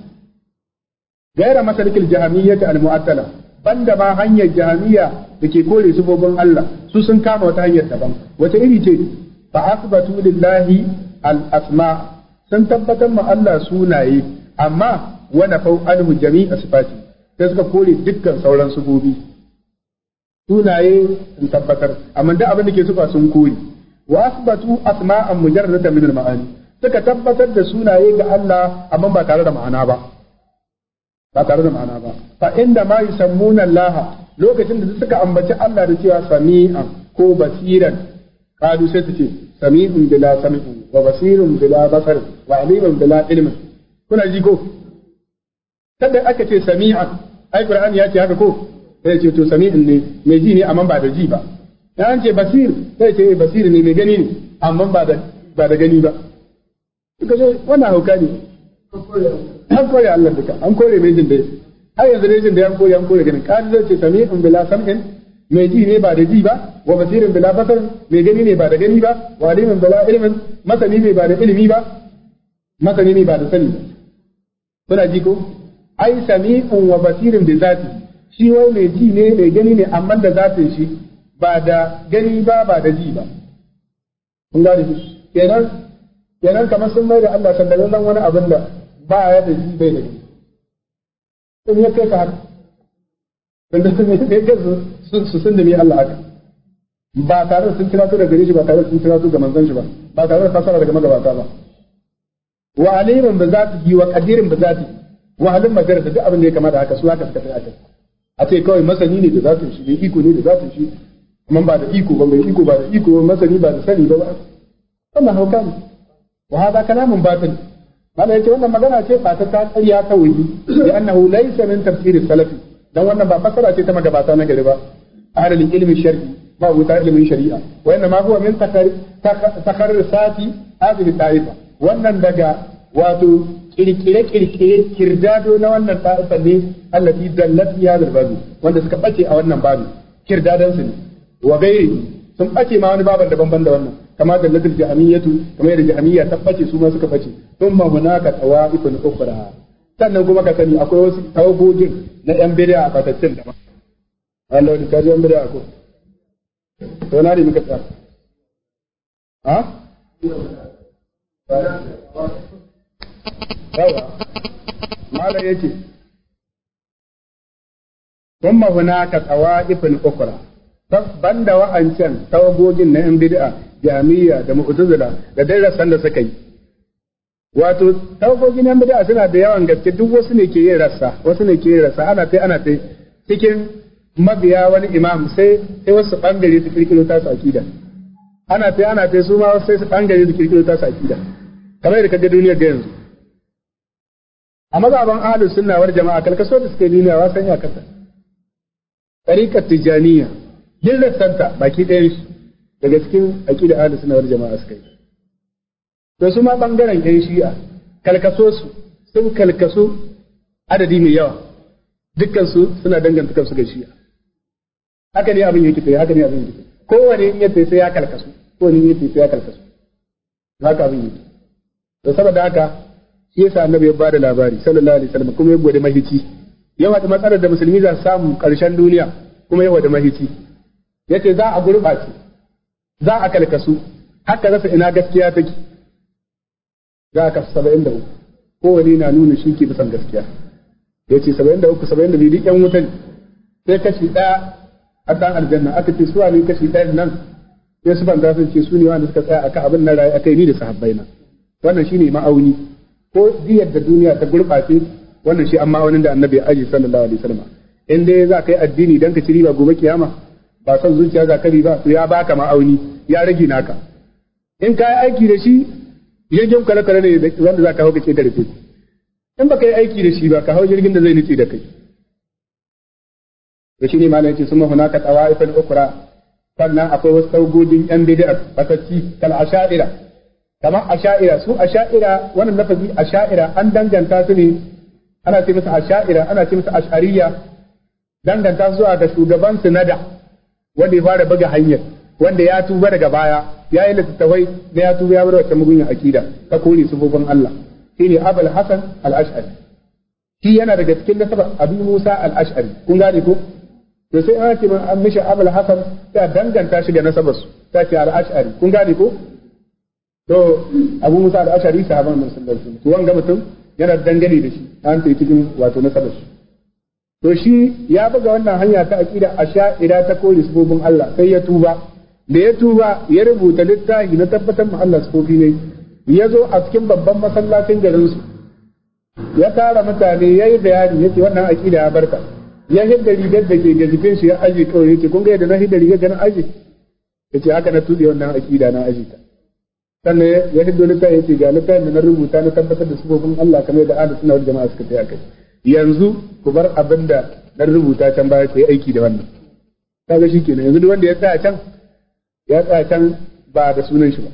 gaira masarkil jahamiyyata al-mu'attala banda ma hanyar jahamiyya da ke kore sufofin Allah su sun kama wata hanyar daban wace iri ce fa asbatu lillahi al asma sun tabbatar ma Allah sunaye amma wa nafau anhu jami'a sifati sai suka kore dukkan sauran sifofi sunaye sun tabbatar amma duk abin da ke sufa sun kore wa asbatu asma'an mujarradatan min al ma'ani suka tabbatar da sunaye ga Allah amma ba tare da ma'ana ba ba tare da ma'ana ba fa inda ma yusammuna Allah lokacin da suka ambaci Allah da cewa sami'an ko basiran قالوا ستتي سميع بلا سمع وبصير بلا بصر وعليم بلا علم كنا جيكو kada aka ce sami'a ai qur'ani ya ce haka ko sai ce to sami in ne mai ji ne amma ba da ji ba dan an ce basir sai ce basir ne mai gani ne amma ba da ba da gani ba suka ce wannan hauka ne an kore Allah duka an kore mai jin da har yanzu dai jin da an kore an kore ganin kan zai ce in bila sam'in mai ji ne ba da ji ba wa basirin bila basar mai gani ne ba da gani ba wa alimin bala ilimin masani ne ba da ilimi ba masani ne ba da sani ba kuna ji ko ai sami'un wa basirin bi zati shi wai mai ji ne mai gani ne amma da zatin shi ba da gani ba ba da ji ba kun gane shi kenan kenan kamar sun mai da Allah sallallahu wani abin da ba ya da ji bai da gani in ya kai ka haka tunda ne kai su sun da Allah haka ba tare da sun kira su daga gare shi ba tare da sun kira su ga manzon shi ba ba tare da fasara daga magabata ba wa alimin ba za ta yi wa kadirin ba za ta wa halin magar da duk abin da ya kamata haka su haka suka tsaya kai a ce kawai masani ne da yi shi mai iko ne da yi shi kuma ba da iko ba mai iko ba da iko masani ba da sani ba ba wannan hauka ne wa hada kalamun batil malai yace wannan magana ce ba ta tsariya ta wuri. da annahu laysa min tafsir salafi dan wannan ba fasara ce ta magabata na gari ba ahlul ilmi shar'i ba ilimin shari'a wa inna ma sati min takharrisati hadhihi ta'ifa wannan daga wato kirkire kirkire kirdado na wannan ta'ifa ne allati dallat ya babu wanda suka bace a wannan babu kirdadan ne wa gairi sun bace ma wani baban daban da wannan kama da ladil jahamiyatu kama yadda jahamiyya ta bace su ma suka bace sannan kuma ka sani akwai wasu tawagogin na yan bid'a a fatattun daban Allah da kaji wani da ko to na ka ha yawa mala ban da wa'ancan tawagogin na yan bid'a jami'a da mu'tazila da darasan da suka yi wato tawagogin yan bid'a suna da yawan gaske duk wasu ne ke yin rasa, wasu ne ke yin rasa, ana kai ana kai cikin mabiya wani imam sai sai wasu bangare su kirkiro ta su akida ana ta ana ta su ma sai su bangare su kirkiro ta su akida kamar da kaga duniyar ga yanzu a mazaban ahlus sunna war jama'a kalkaso da suke duniya wa sanya kasa tariqa Tijaniya dillar santa baki ɗayan shi daga cikin aqida ahlus sunna war jama'a suka yi to su ma bangaren yan shi'a kalkaso su sun kalkaso adadi mai yawa dukkan su suna danganta kansu ga shi'a haka ne abin yake tsaye haka ne abin yake kowane in yadda sai ya kalkasu kowane in yadda sai ya kalkasu haka abin yake to saboda haka shi yasa annabi ya da labari sallallahu alaihi wasallam kuma ya gode mahici yawa da matsalar da musulmi za su samu karshen duniya kuma yawa da mahici yace za a gurbace za a kalkasu haka rasa ina gaskiya take za ka uku, kowane na nuna shi ke bisan gaskiya yace 73 72 duk yan wutan sai kashi ɗaya. a dan aljanna aka ce su ne kashi ɗaya nan sai su ban sun ce su ne wanda suka tsaya ka abin na rayu a kai ni da sahabbai na wannan shine ma'auni ko diyar da duniya ta gurɓace wannan shi an ma'aunin da annabi aji sallallahu alaihi wasallam in dai za ka yi addini dan ka ci riba gobe kiyama ba son zuciya za ka riba to ya baka ma'auni ya rage naka in ka yi aiki da shi jirgin kwale-kwale ne wanda za ka hau ka ce da rufe in ba ka yi aiki da shi ba ka hau jirgin da zai nutse da kai to shine malam yace summa hunaka tawaiful ukra sannan akwai wasu tawgudin yan bid'a fasassi kal asha'ira kama asha'ira su asha'ira wannan lafazi asha'ira an danganta su ne ana ce musu asha'ira ana ce musu ash'ariya danganta zuwa ga shugaban sinada wanda ya fara buga hanyar wanda ya tuba daga baya ya yi littattafai da ya tuba ya bar wata mugunyar akida ta kore sufofin Allah shine Abul Hasan al-Ash'ari shi yana daga cikin nasaba Abu Musa al-Ash'ari kun gane ko to sai an ce an mishi abul hasan ta danganta shi ga nasabar su ta ce al-ash'ari kun gane ko to abu musa al-ash'ari sahaban nan sun alaihi to wanga mutum yana dangane da shi an ce cikin wato nasabar shi to shi ya buga wannan hanya ta aqida ida ta kore sabobin Allah sai ya tuba da ya tuba ya rubuta littafi na tabbatar ma Allah sabobi ne ya zo a cikin babban masallacin garin su ya tara mutane yayi bayani yace wannan aqida ya barka ya hidda rigar da ke gazifin shi ya aje kawai yake kun ga yadda na hidda rigar da na ya ce haka na tuɗe wannan aƙida na aje ta sannan ya hiddo littafi yace ga littafin da na rubuta na tabbatar da sufofin Allah kamar yadda ahlus suna wani jama'a suka a kai yanzu ku bar abin da na rubuta can baya ta yi aiki da wannan shi shikenan yanzu duk wanda ya tsaya can ya tsaya can ba da sunan shi ba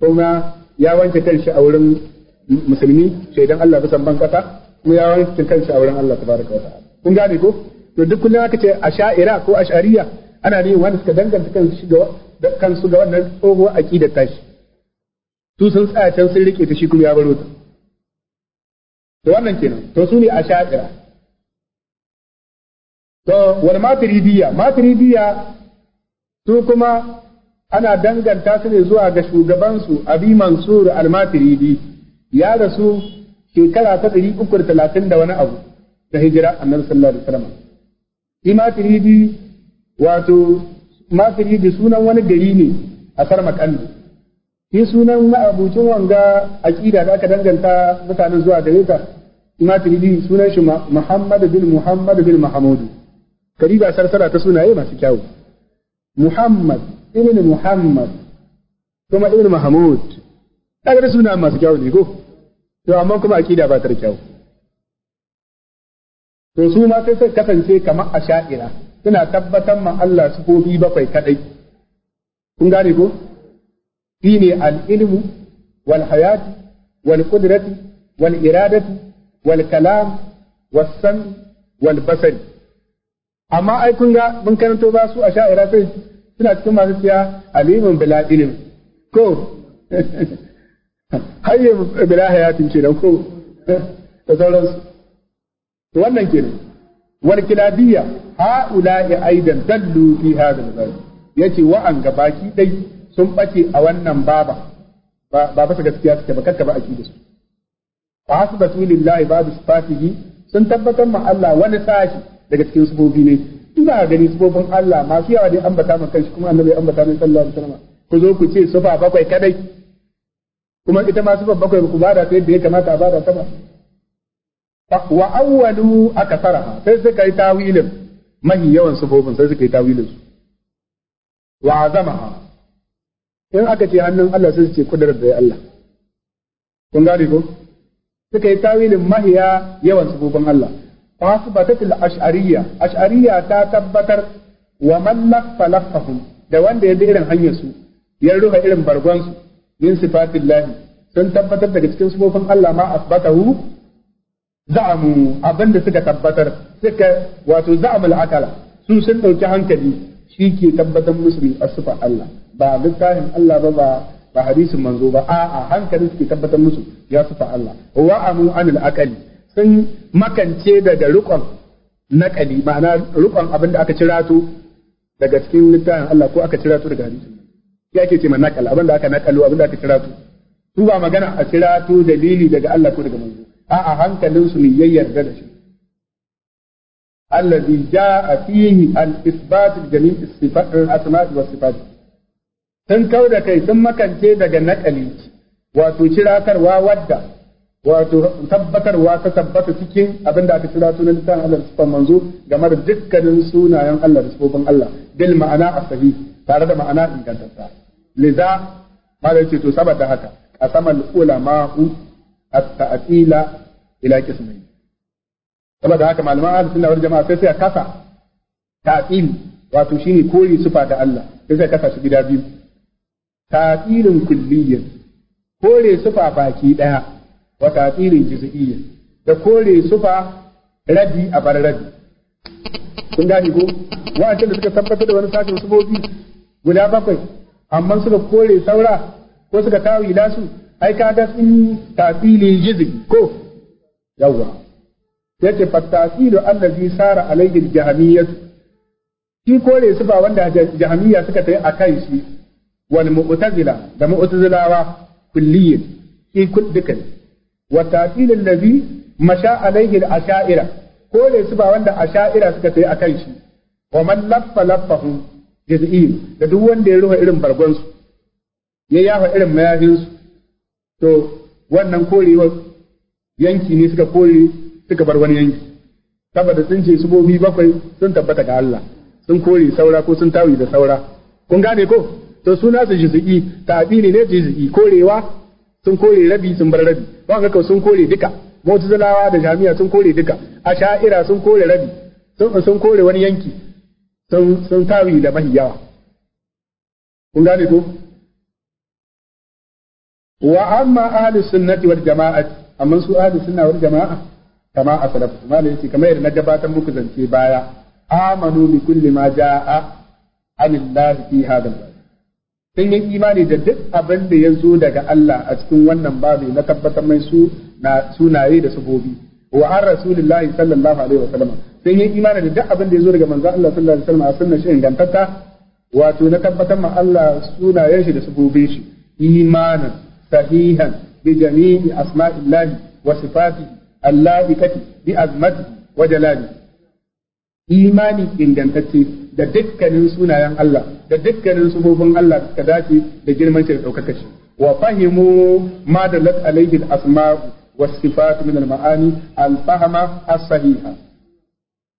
kuma ya wanke kanshi a wurin musulmi shaidan Allah bisan ban kasa kuma ya wanke kanshi a wurin Allah tabaraka wa ta'ala kun gane ko to duk kullum aka ce asha'ira ko ash'ariya ana ne wanda suka danganta kansu da kansu ga wannan tsohuwar aqidar tashi su sun tsaya can sun rike ta shi kuma ya baro ta to wannan kenan to su ne asha'ira to wal maturidiyya maturidiyya su kuma ana danganta su ne zuwa ga shugabansu abi mansur al-maturidi ya rasu shekara ta 330 da wani abu da hijira annabi sallallahu alaihi wasallam shi tiridi wato ma tiridi sunan wani gari ne a sarmakandu shi sunan ma'abucin wanga aqida da aka danganta mutanen zuwa gare ta tiridi sunan shi Muhammad bin Muhammad bin Mahmud kari ba sarsara ta sunaye masu kyau. Muhammad ibn Muhammad kuma ibn Mahmud kaga da suna masu kyau ne ko to amma kuma aqida ba ta da to su ma sai suka kasance kamar a sha'ira suna tabbatar ma Allah su gobi bakwai kadai kun gane ko shi ne al-ilmu wal hayat wal qudrati wal iradati wal kalam was sam wal basari amma ai kun ga mun karanto ba su a sha'ira sai suna cikin masu siya alimun bila ilim ko [LAUGHS] hayyin bila hayatin kenan ko [LAUGHS] da sauransu to wannan kenan wal kilabiyya ula'i aidan dallu fi hadha al yace wa an gabaki dai sun bace a wannan baba ba ba su gaskiya suke ba kakka ba da su fa hasbatu lillahi ba'd sifatihi sun tabbatar ma Allah wani sashi daga cikin sufofi ne Ina gani sufofin Allah masu yawa dai bata maka kanshi kuma annabi an bata mai sallallahu alaihi wasallam ku zo ku ce sufa bakwai kadai kuma ita ma sufa bakwai ku bada ta yadda ya kamata a bada ta ba wa awwalu akasaraha sai suka yi tawilin mahi yawan sufofin sai suka yi tawilin su wa azamaha in aka ce hannun Allah sai su ce kudarar da ya Allah kun gane ko suka yi tawilin mahiya yawan sufofin Allah fa asbatatil ash'ariyya ash'ariyya ta tabbatar wa man laffa laffahum da wanda ya bi irin hanyar su ya rufe irin bargon su min sifatillahi sun tabbatar daga cikin sufofin Allah ma asbatahu za'amu abinda suka tabbatar suka wato za'amul akala su sun dauki hankali shi ke tabbatar musu ne asfa Allah ba littafin Allah ba ba ba hadisin manzo ba a'a hankali suke tabbatar musu ya sufa Allah wa'amu anil akali sun makance daga rukon naƙali ma'ana rukon abin da aka cirato daga cikin littafin Allah ko aka cirato daga hadisin ya ke ce ma naƙal abin da aka naƙalo abin da aka cirato su ba magana a cirato dalili daga Allah ko daga manzo a'a hankalinsu ne ya yarda da shi ja jaa fihi al-isbat al al-asma' eh, wa sifat sun kauda kai sun makance daga nakali wato cirakarwa wadda wato tabbatarwa ta tabbata cikin abin da aka kira sunan litan Allah da sifan manzo game da dukkanin sunayen Allah da sifofin Allah bil ma'ana asabi tare da ma'ana ingantatta liza malai ce to saboda haka a saman ulama'u at-ta'tila ila qismai saboda haka malaman ahlus sunna wal jama'a sai sai a kasa ta'til wato shine kore sufa da Allah sai sai kasa su gida biyu ta'tilun kulliyyan kore sufa baki daya wa ta'tilun juz'iyyan da kore sufa radi a bar radi kun gane ko wa'anda da suka tabbatar da wani sashen sufofi guda bakwai amma suka kore saura ko suka tawila su ai ka ga sun ta'tilun juz'i ko yawwa yace fatasilu allazi sara alayhi jahmiyyah shi kore su ba wanda jahmiya suka tayi akan shi wal mu'tazila da mu'tazilawa kulliyin shi dukkan wa tatil allazi masha alayhi al-asha'ira kore su ba wanda asha'ira suka tayi akan shi wa man laffa laffahu jaz'in da duk wanda ya ruha irin bargon su ya yafa irin mayafin su to wannan korewar yanki ne suka kore suka bar wani yanki saboda sun ce subobi bakwai sun tabbata ga Allah sun kore saura ko sun tawi da saura kun gane ko to suna su jiziki tabi ne ne zuki korewa sun kore rabi sun bar rabi ba ka sun kore duka mu'tazilawa da jami'a sun kore duka asha'ira sun kore rabi sun kore wani yanki sun sun tawi da mahiyawa kun gane ko wa amma ahlus sunnati wal jama'ati amma su ahli sunna wal jama'a kama asalaf mala yace kamar yadda na gabatar muku zance baya amanu bi kulli ma jaa anillahi fi hada sun yi imani da duk abin da ya zo daga Allah a cikin wannan babu na tabbatar mai su na sunaye da sabobi. wa an rasulillahi sallallahu alaihi wasallam sun yi imani da duk abin da ya zo daga manzo Allah sallallahu alaihi wa sallam a sunnar shi ingantatta wato na tabbatar ma Allah sunayen shi da sufofin shi imanan sahihan بجميع أسماء الله وصفاته اللائقة بأزمته وجلاله imani ingantacce da dukkanin sunayen Allah da dukkanin sufofin Allah ka dace da girman shi da ɗaukaka shi wa fahimu ma da lat alaihi asmau maani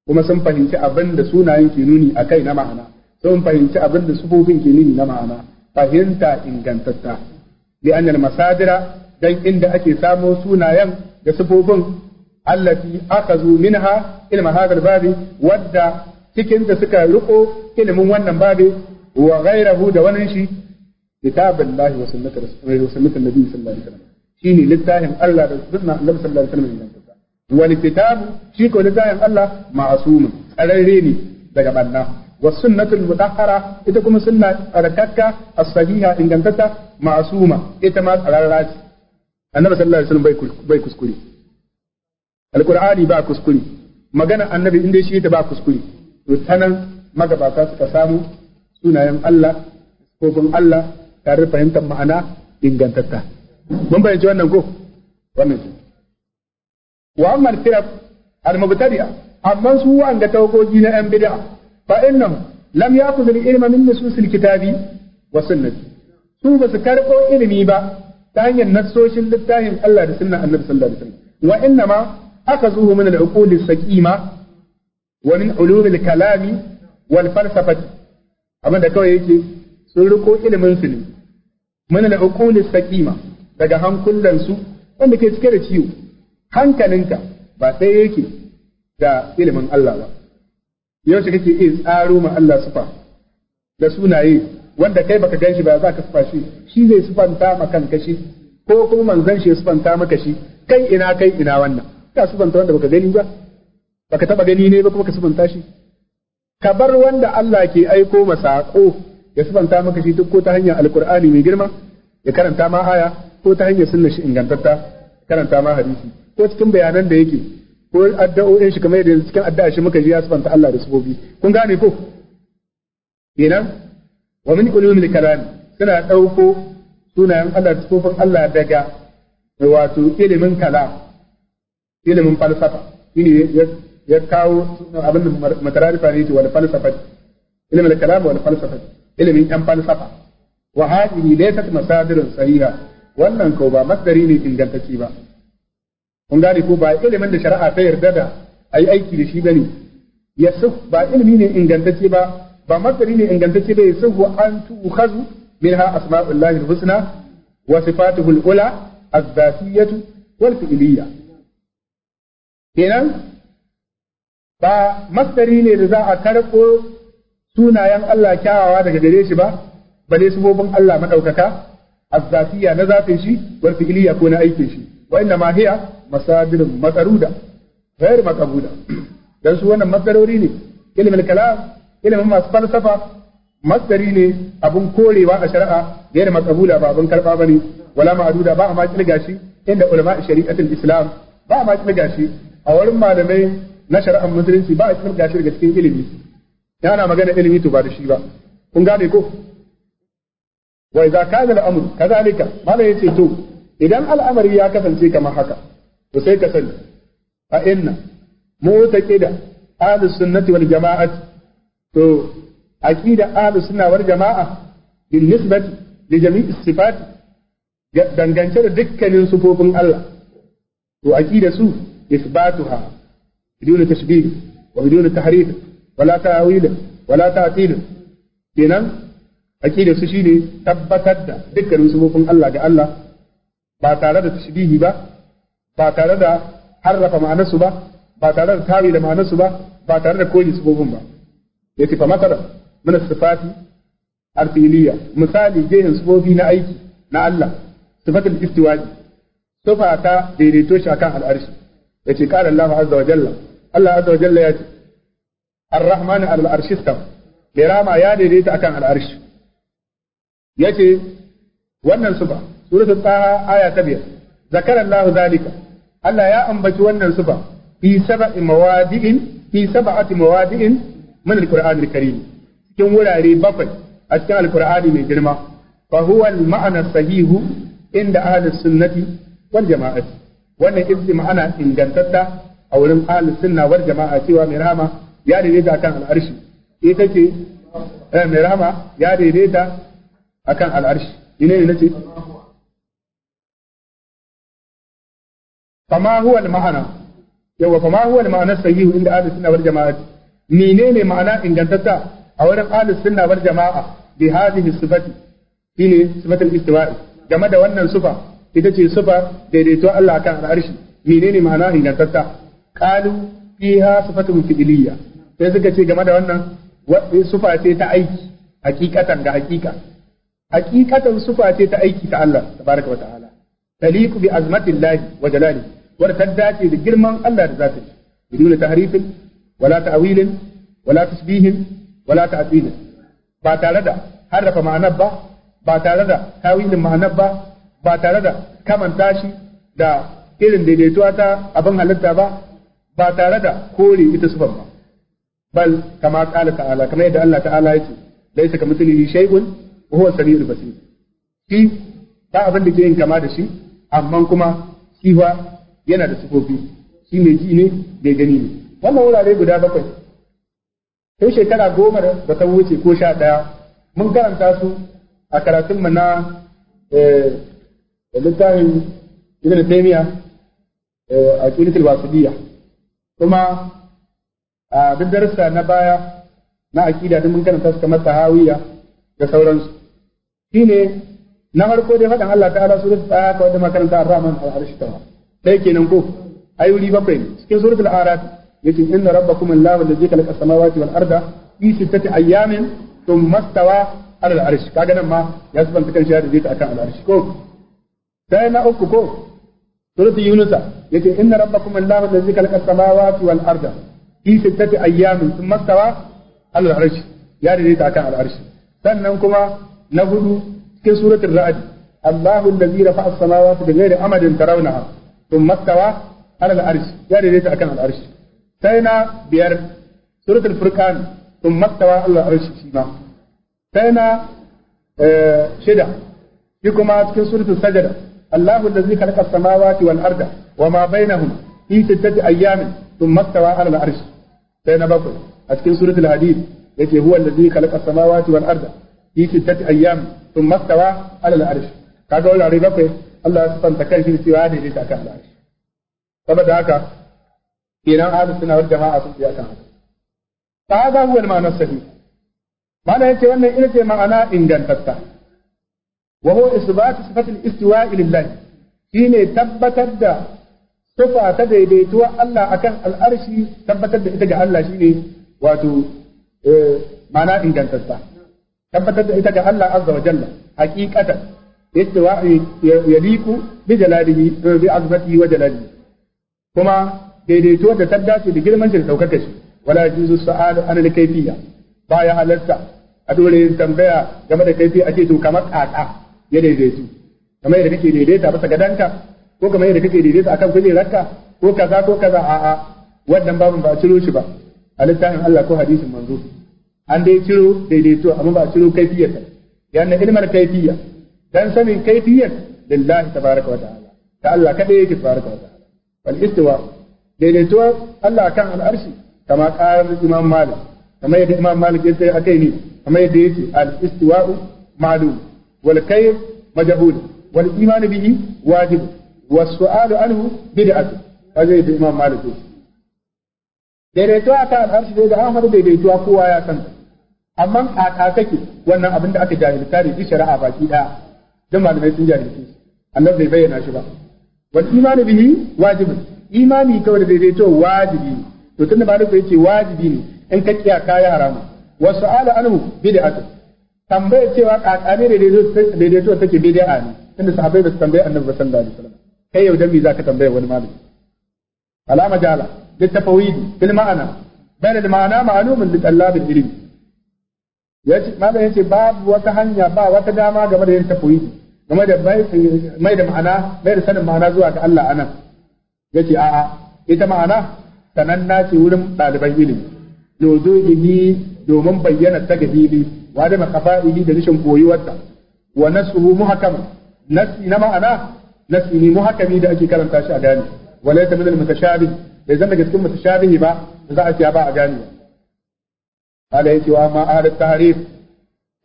kuma sun fahimci abin da sunayen ke nuni akai na ma'ana sun fahimci abin da sufofin ke nuni na ma'ana fahimta ingantatta li anna masadira dan inda ake samo sunayen da sifofin allati akazu minha ilma hadal babi wadda cikin da suka riko ilimin wannan babi wa ghairahu da wannan shi kitabullahi wa sunnatar wa sunnatar nabi sallallahu alaihi wasallam shine littafin Allah da sunna annabi sallallahu alaihi wasallam wal kitabu shi ko littafin Allah ma'sumun tsararre ne daga banna والسنة ita kuma كما سنة أركتك الصحيحة إن كانت معصومة إتماد على الراجح annabi sallallahu alaihi wasallam bai kuskure alqur'ani ba kuskure magana annabi inda shi ta ba kuskure to sanan magabata suka samu sunayen Allah kofin Allah tare fahimtar ma'ana ingantatta mun bayyance wannan ko wannan wa amma al-firaq al-mubtadi'a amma su wa'anda tawagogi na yan bid'a fa innahum lam ya'khudhu ilma min nusus al-kitabi wa sunnati su ba su karɓo ilimi ba ta hanyar nassoshin littafin Allah da sunna Annabi sallallahu alaihi wasallam wa inna ma akazuhu min al-uqul as-saqima wa min ulum al-kalami wal falsafati amma da kawai yake sun riko ilimin su ne min al-uqul as-saqima daga hankulan su wanda ke cike da ciwo hankalinka ba sai yake da ilimin Allah ba yau shi kake iya tsaro ma Allah sufa da sunaye wanda kai baka gan shi ba za ka sufa shi shi zai sufanta ma kanka shi ko kuma manzon shi ya sufanta maka shi kai ina kai ina wannan ka sufanta wanda baka gani ba baka taba gani ne ba kuma ka sufanta shi ka bar wanda Allah ke aiko masako ya sufanta maka shi duk ko ta hanyar alkur'ani mai girma ya karanta ma aya ko ta hanyar sunna shi ingantatta karanta ma hadisi ko cikin bayanan da yake ko addu'o'in shi kamar yadda cikin addu'a shi muka ji ya sufanta Allah da sufofi kun gane ko kenan wa min kulli kalam suna ɗauko sunayen Allah tsofin Allah daga wato ilimin kalam ilimin falsafa shine ya kawo abin da matararifa ne wal falsafa ilimin kalam wal falsafa ilimin yan falsafa wa hadhihi laysat masadirun sahiha wannan ko ba masdari ne ingantacce ba kun gane ko ba ilimin da shari'a ta yarda da ayi aiki da shi bane yasuf ba ilimi ne ingantacce ba ba masari ne ingantacce da yasuhu an tu'khazu minha asma'ullahi al-husna wa sifatuhu al-ula az-zatiyatu wal fi'liyya kenan ba masari ne da za a karɓo sunayen Allah kyawawa daga gare shi ba bale subobin Allah madaukaka az-zatiyya na zatin shi wal fi'liyya ko na aikin shi wa inna ma hiya masadirun matsaruda غير dan su wannan masarori ne ilmin kalam ilimin masu falsafa masdari ne abun korewa a shari'a gaira makabula ba abun karba bane wala ma'aduda ba a ma kirga shi inda ulama shari'atul islam ba a ma kirga shi a wurin malamai na shari'ar musulunci ba a kirga shi daga cikin ilimi yana magana ilimi to ba da shi ba kun gane ko wa idza kana al ka? kadhalika malai yace to idan al'amari ya kasance kamar haka to sai ka sani fa inna mu'taqida ahlus sunnati wal jama'ati to aqida ahlus sunna wal jama'a bin nisbati da jami'i sifat dangance da dukkanin sufofin Allah to da su isbatuha bidun tashbih wa bidun tahrif wala ta ta'wil wala ta ta'til kenan da su shine tabbatar da dukkanin sufofin Allah ga Allah ba tare da tashbihi ba ba tare da harrafa ma'anarsu ba ba tare da tawi da ma'anarsu ba ba tare da koyi sufofin ba yace fa masalan min sifati arsiliyya misali jerin sifofi na aiki na Allah sifatul istiwaji sifa ta daidaito shi akan al'arshi yace qala Allah azza wa jalla Allah azza wa jalla yace ar-rahmanu al-arshi mai rama ya daidaita akan al'arshi yace wannan sifa suratul taha aya ta biyar zakara Allah zalika Allah ya ambaci wannan sifa fi sab'i mawadi'in fi sab'ati mawadi'in min alqur'ani alkarim cikin wurare bakwai a cikin alqur'ani mai girma fa huwa al-ma'na sahihu inda ahli sunnati wal jama'ati wannan izzi ma'ana ingantatta a wurin ahli sunna wal jama'a cewa mai ya daidaita kan al'arshi ita ce mai ya daidaita akan al'arshi ine ne nace fama huwa al-ma'ana yawa fama huwa al-ma'ana sahihu inda ahli sunna wal jama'ati menene ma'ana ingantatta? a wurin ahlus sunna wal jama'a bi hadhihi sifati shine sifatul istiwa'i game da wannan sufa ita ce sufa daidaito Allah kan arshi menene ma'ana ingantatta? qalu fiha sifatun fidiliya. sai suka ce game da wannan sufa ce ta aiki hakikatan da hakika hakikatan sufa ce ta aiki ta Allah tabaraka wa ta'ala taliku bi azmatillahi wa wa tadda dace da girman Allah da zata yi bidun tahrifin wala ta'wilin wala tasbihin wala ta'dil ba tare da harrafa ma'anar ba ba tare da tawilin ma'anar ba ba tare da kamanta shi da irin daidaituwa ta abin halitta ba ba tare da kore ita sufan ba bal kama qala ta'ala kamar yadda Allah ta'ala yake laisa kamithlihi shay'un wa huwa as-sami'ul basir shi ba abin da ke yin kama da shi amma kuma siwa yana da sufofi shi mai ji ne mai gani ne wannan wurare guda bakwai sai shekara goma da ta wuce ko sha ɗaya mun karanta su a karatunmu na eh, littafin ibn taymiya eh, a qilitul biya. kuma a darussa na baya na aƙida da mun karanta su kamar tahawiya da sauransu shine na farko dai faɗin Allah ta'ala suratul tsaya ka wadda makaranta a rahman al-arshi ba. ɗaya kenan ko ayuri bakwai ne cikin suratul araf لكن إن ربكم الله الذي خلق السماوات والأرض في ستة أيام ثم استوى على العرش كأنا ما يسبن تكن شهر ذي تأكل العرش كو سينا أوكو سورة يونس لكن إن ربكم الله الذي خلق السماوات والأرض في ستة أيام ثم استوى على العرش يا ذي تأكل على العرش سنكما نبدو في سورة الرعد الله الذي رفع السماوات بغير أمد ترونها ثم استوى على العرش يا ذي تأكل العرش sai na biyar suratul furqan sun mastawa Allah arshi shi ma sai shida shi kuma cikin suratul sajada Allahu allazi khalaqa as-samawati wal arda wa ma bainahuma fi sittati ayyamin thumma istawa 'ala al-arsh sai na bakwai a cikin suratul hadid yace huwa allazi khalaqa as-samawati wal arda fi sittati ayyamin thumma istawa bakwai Allah ya kai shi ta kan al haka kenan ahlus sunna wal jama'a sun tsaya kan haka fa hada huwa al ma'na sahih mana yace wannan ita ce ma'ana ingantatta wa huwa isbat sifat al istiwa'i lillah shine tabbatar da sifa ta daidaituwa Allah akan al'arshi tabbatar da ita ga Allah shine wato eh, ma'ana ingantatta tabbatar da ita ga Allah azza wa jalla haqiqatan istiwa'i yaliku bi jalalihi bi azmatihi wa jalalihi kuma daidaito da ta dace da girman da ɗaukaka shi wala juzu su'alu an al kayfiya ya halarta a dore tambaya game da kaifi a ce to kamar kaka ya daidaitu kamar yadda kake daidaita bisa gadanka ko kamar yadda kake daidaita akan kujerarka ko kaza ko kaza a'a wannan babin ba a ciro shi ba a littafin Allah ko hadisin manzo an dai ciro daidaito amma ba a ciro ta. yana ilmar kaifiya dan sanin kaifiyar lillahi tabaraka wa ta'ala ta Allah kadai yake tabaraka wa ta'ala wal istiwa daidaituwar Allah kan al'arshi kama qarar imam malik kama yadda imam malik yace akai ne kama yadda yace al-istiwa'u ma'lum wal kayf majhul wal iman bihi wajib was su'alu anhu bid'ah kaje yadda imam malik yace daidaituwa kan al'arshi dai da an faɗi daidaituwa kowa ya san amma kaka kake wannan abin da aka jahilta da shi shari'a baki ɗaya don malamai sun jahilci Allah bai bayyana shi ba wal imanu bihi wajibun imani kawai da daidaito wajibi ne to tunda maliku yace wajibi ne in ka kiya kaya haramu wa su'alu anhu bid'atu tambaye cewa kakane da daidaito take bid'a ne tunda sahabbai ba su tambaye annabi ba sallallahu alaihi wasallam kai yau dan me zaka tambaye wani malami alama jala da في ma'ana بل المعنى معلوم لطلاب العلم yace malam yace babu wata hanya ba wata dama game da yin tafawidi game da mai da ma'ana mai da sanin ma'ana zuwa ga Allah anan Ya ce a'a ita ma'ana sananna ce wurin ɗaliban ilimi lozubihi domin bayyana ta ga fili wa da makafa'ihi da rashin koyuwarta wa nasuhu muhakam nasi na ma'ana nasi ne muhakami da ake karanta shi a gane walai ta minal mutashabih bai zama daga cikin mutashabihi ba da za a ce ba a gani ba ala yace wa ma ahad tarif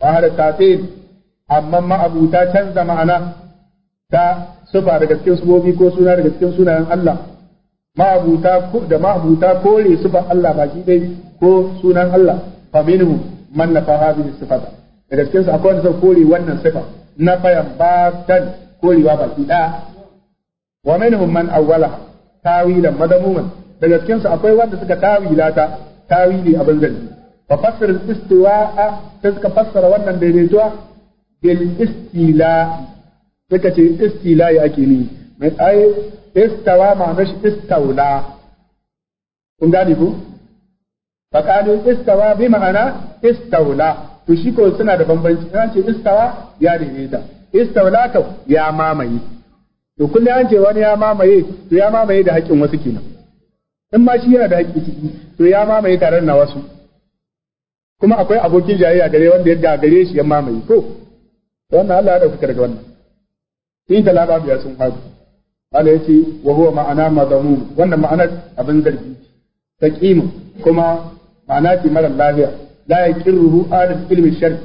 wa ahad tatil amma ma abuta canza ma'ana ta sufa daga cikin subobi ko suna daga cikin sunayen Allah ma'abuta da ma'abuta kore sufa Allah baki dai ko sunan Allah fa minhu man nafa hadhihi sifata daga cikin su akwai wanda kore wannan sifa na fayan batan korewa baki da wa minhu man awwala tawilan madamuman daga cikin su akwai wanda suka tawila ta tawili abin zanni fa fassara istiwa'a sai suka fassara wannan daidaituwa bil istila suka ce istila'i ake ni mai ai istawa ma'anar shi istaula kun gane ku faqalu istawa bi ma'ana istaula to shi ko suna da bambanci ina ce istawa ya daidaita istaula ka ya mamaye to kullum an ce wani ya mamaye to ya mamaye da haƙƙin wasu kenan in ma shi yana da haƙƙi ciki to ya mamaye tare na wasu kuma akwai abokin jayayya gare wanda ya gagare shi ya mamaye ko wannan Allah ya dauki daga wannan in talaba ya sun hadu Allah ya ce wa huwa ma'ana madamu wannan ma'anar abin garbi. ta kima kuma ma'ana ce mara lafiya la yaqirruhu alil ilmi shar'i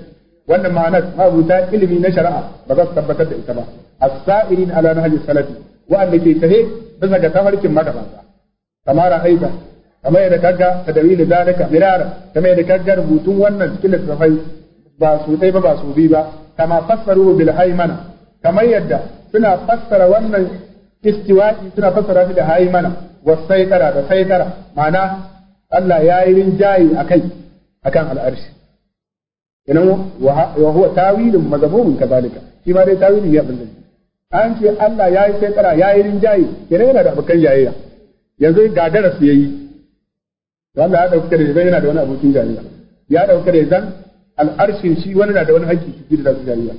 wannan ma'anar mabuta ilimi na shari'a ba za su tabbatar da ita ba as-sa'irin ala nahji salafi wa'anda ke tahe bisa ga tafarkin magabata kamar aida kamar yadda kaga tadawil zalika mirara kamar yadda kaga rubutun wannan cikin littafai ba su dai ba ba su bi ba kama fassaru bil mana. kamar yadda suna fassara wannan istiwa'i suna fassara shi da hayi mana wa saitara da saitara ma'ana Allah ya yi rinjayi a kan al'arshi inan wa huwa tawilun ka zalika shi ma dai tawilin ya bin an ce Allah ya yi saitara ya yi rinjayi kenan yana da abokan yayaya yanzu ga darasi yayi Allah ya ɗauka da yana da wani abokin jariya ya ɗauka da zan al'arshin shi wani na da wani hakki shi da su jariya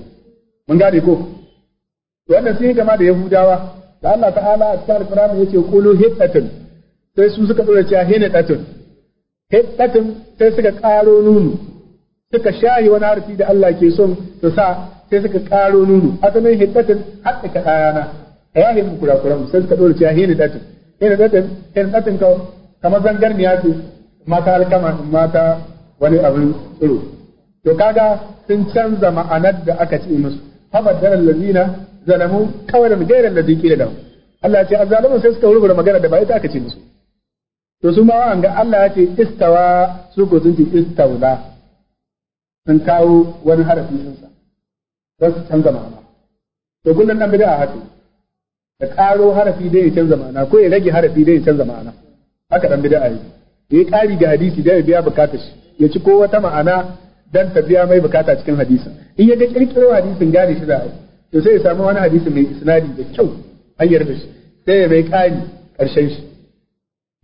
mun gane ko wannan sun yi gama da yahudawa da Allah ta'ala a cikin alkur'ani ce qulu hidatun sai su suka tsoro cewa hidatun hidatun sai suka karo nunu suka shahi wani harfi da Allah ke son su sa sai suka karo nunu asalin hidatun hadda ka ayana ya hin kurakuran sai suka tsoro cewa hidatun hidatun hidatun ka kamar zangarniya ce mata alkama mata wani abin tsoro to kaga sun canza ma'anar da aka ce musu da lalina zalamu kawalan ghayra alladhi qila lahum Allah ya ce azzalimun sai suka wurgura magana da ba ita aka ce musu to su ma an ga Allah ya ce istawa su ko sun ce istawla sun kawo wani harafi sun sa don su canza ma'ana to kullun dan bid'a haka ya karo harafi dai ya canza ma'ana ko ya rage harafi dai ya canza ma'ana haka dan bid'a yi yi kari ga hadisi dai ya biya bukatar shi ya ci ko wata ma'ana dan ta biya mai bukata cikin hadisin in ya ga kirkiro hadisin gane shi da abu to sai ya samu wani hadisi mai isnadi da kyau hanyar da shi sai ya mai kani karshen shi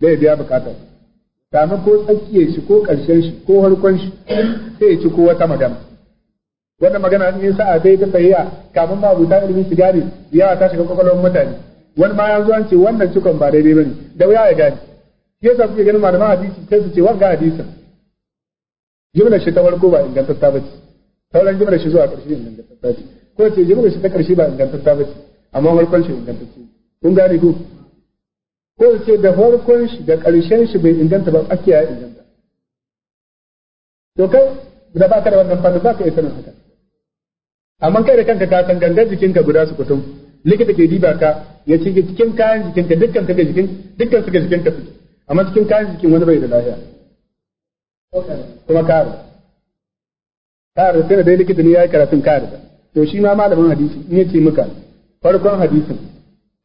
zai biya bukatar samu ko tsakiyar shi ko karshen shi ko harkon shi sai ya ci ko wata magana wata magana in sa'a bai ta tsayiya kamun ma abuta ilimin sigari yawa ta shiga kwakwalwar mutane wani ma yanzu an ce wannan cikon ba daidai ne da wuya ya gane shi yasa kuke ganin malaman hadisi sai su ce wanga hadisin jimlar shi ta farko ba ingantattaba ce sauran jimlar shi zuwa karshe ingantattaba ce ko ce jumla shi ta karshe ba ingantatta ba ce amma farkon shi ingantacce kun gane ko ko ce da farkon shi da karshen shi bai inganta ba ake ya inganta to kai da ba ka da wannan fata ba ka yi sanin haka amma kai da kanka ka san gangan jikinka guda su kutum likita ke diba ka ya ce cikin kayan jikinka dukkan ka jikin dukkan suka jikinka suke amma cikin kayan jikin wani bai da lafiya kuma ka kare ka sai da dai likita ne ya yi karatun ka ba to shi ma malamin hadisi in yace maka farkon hadisin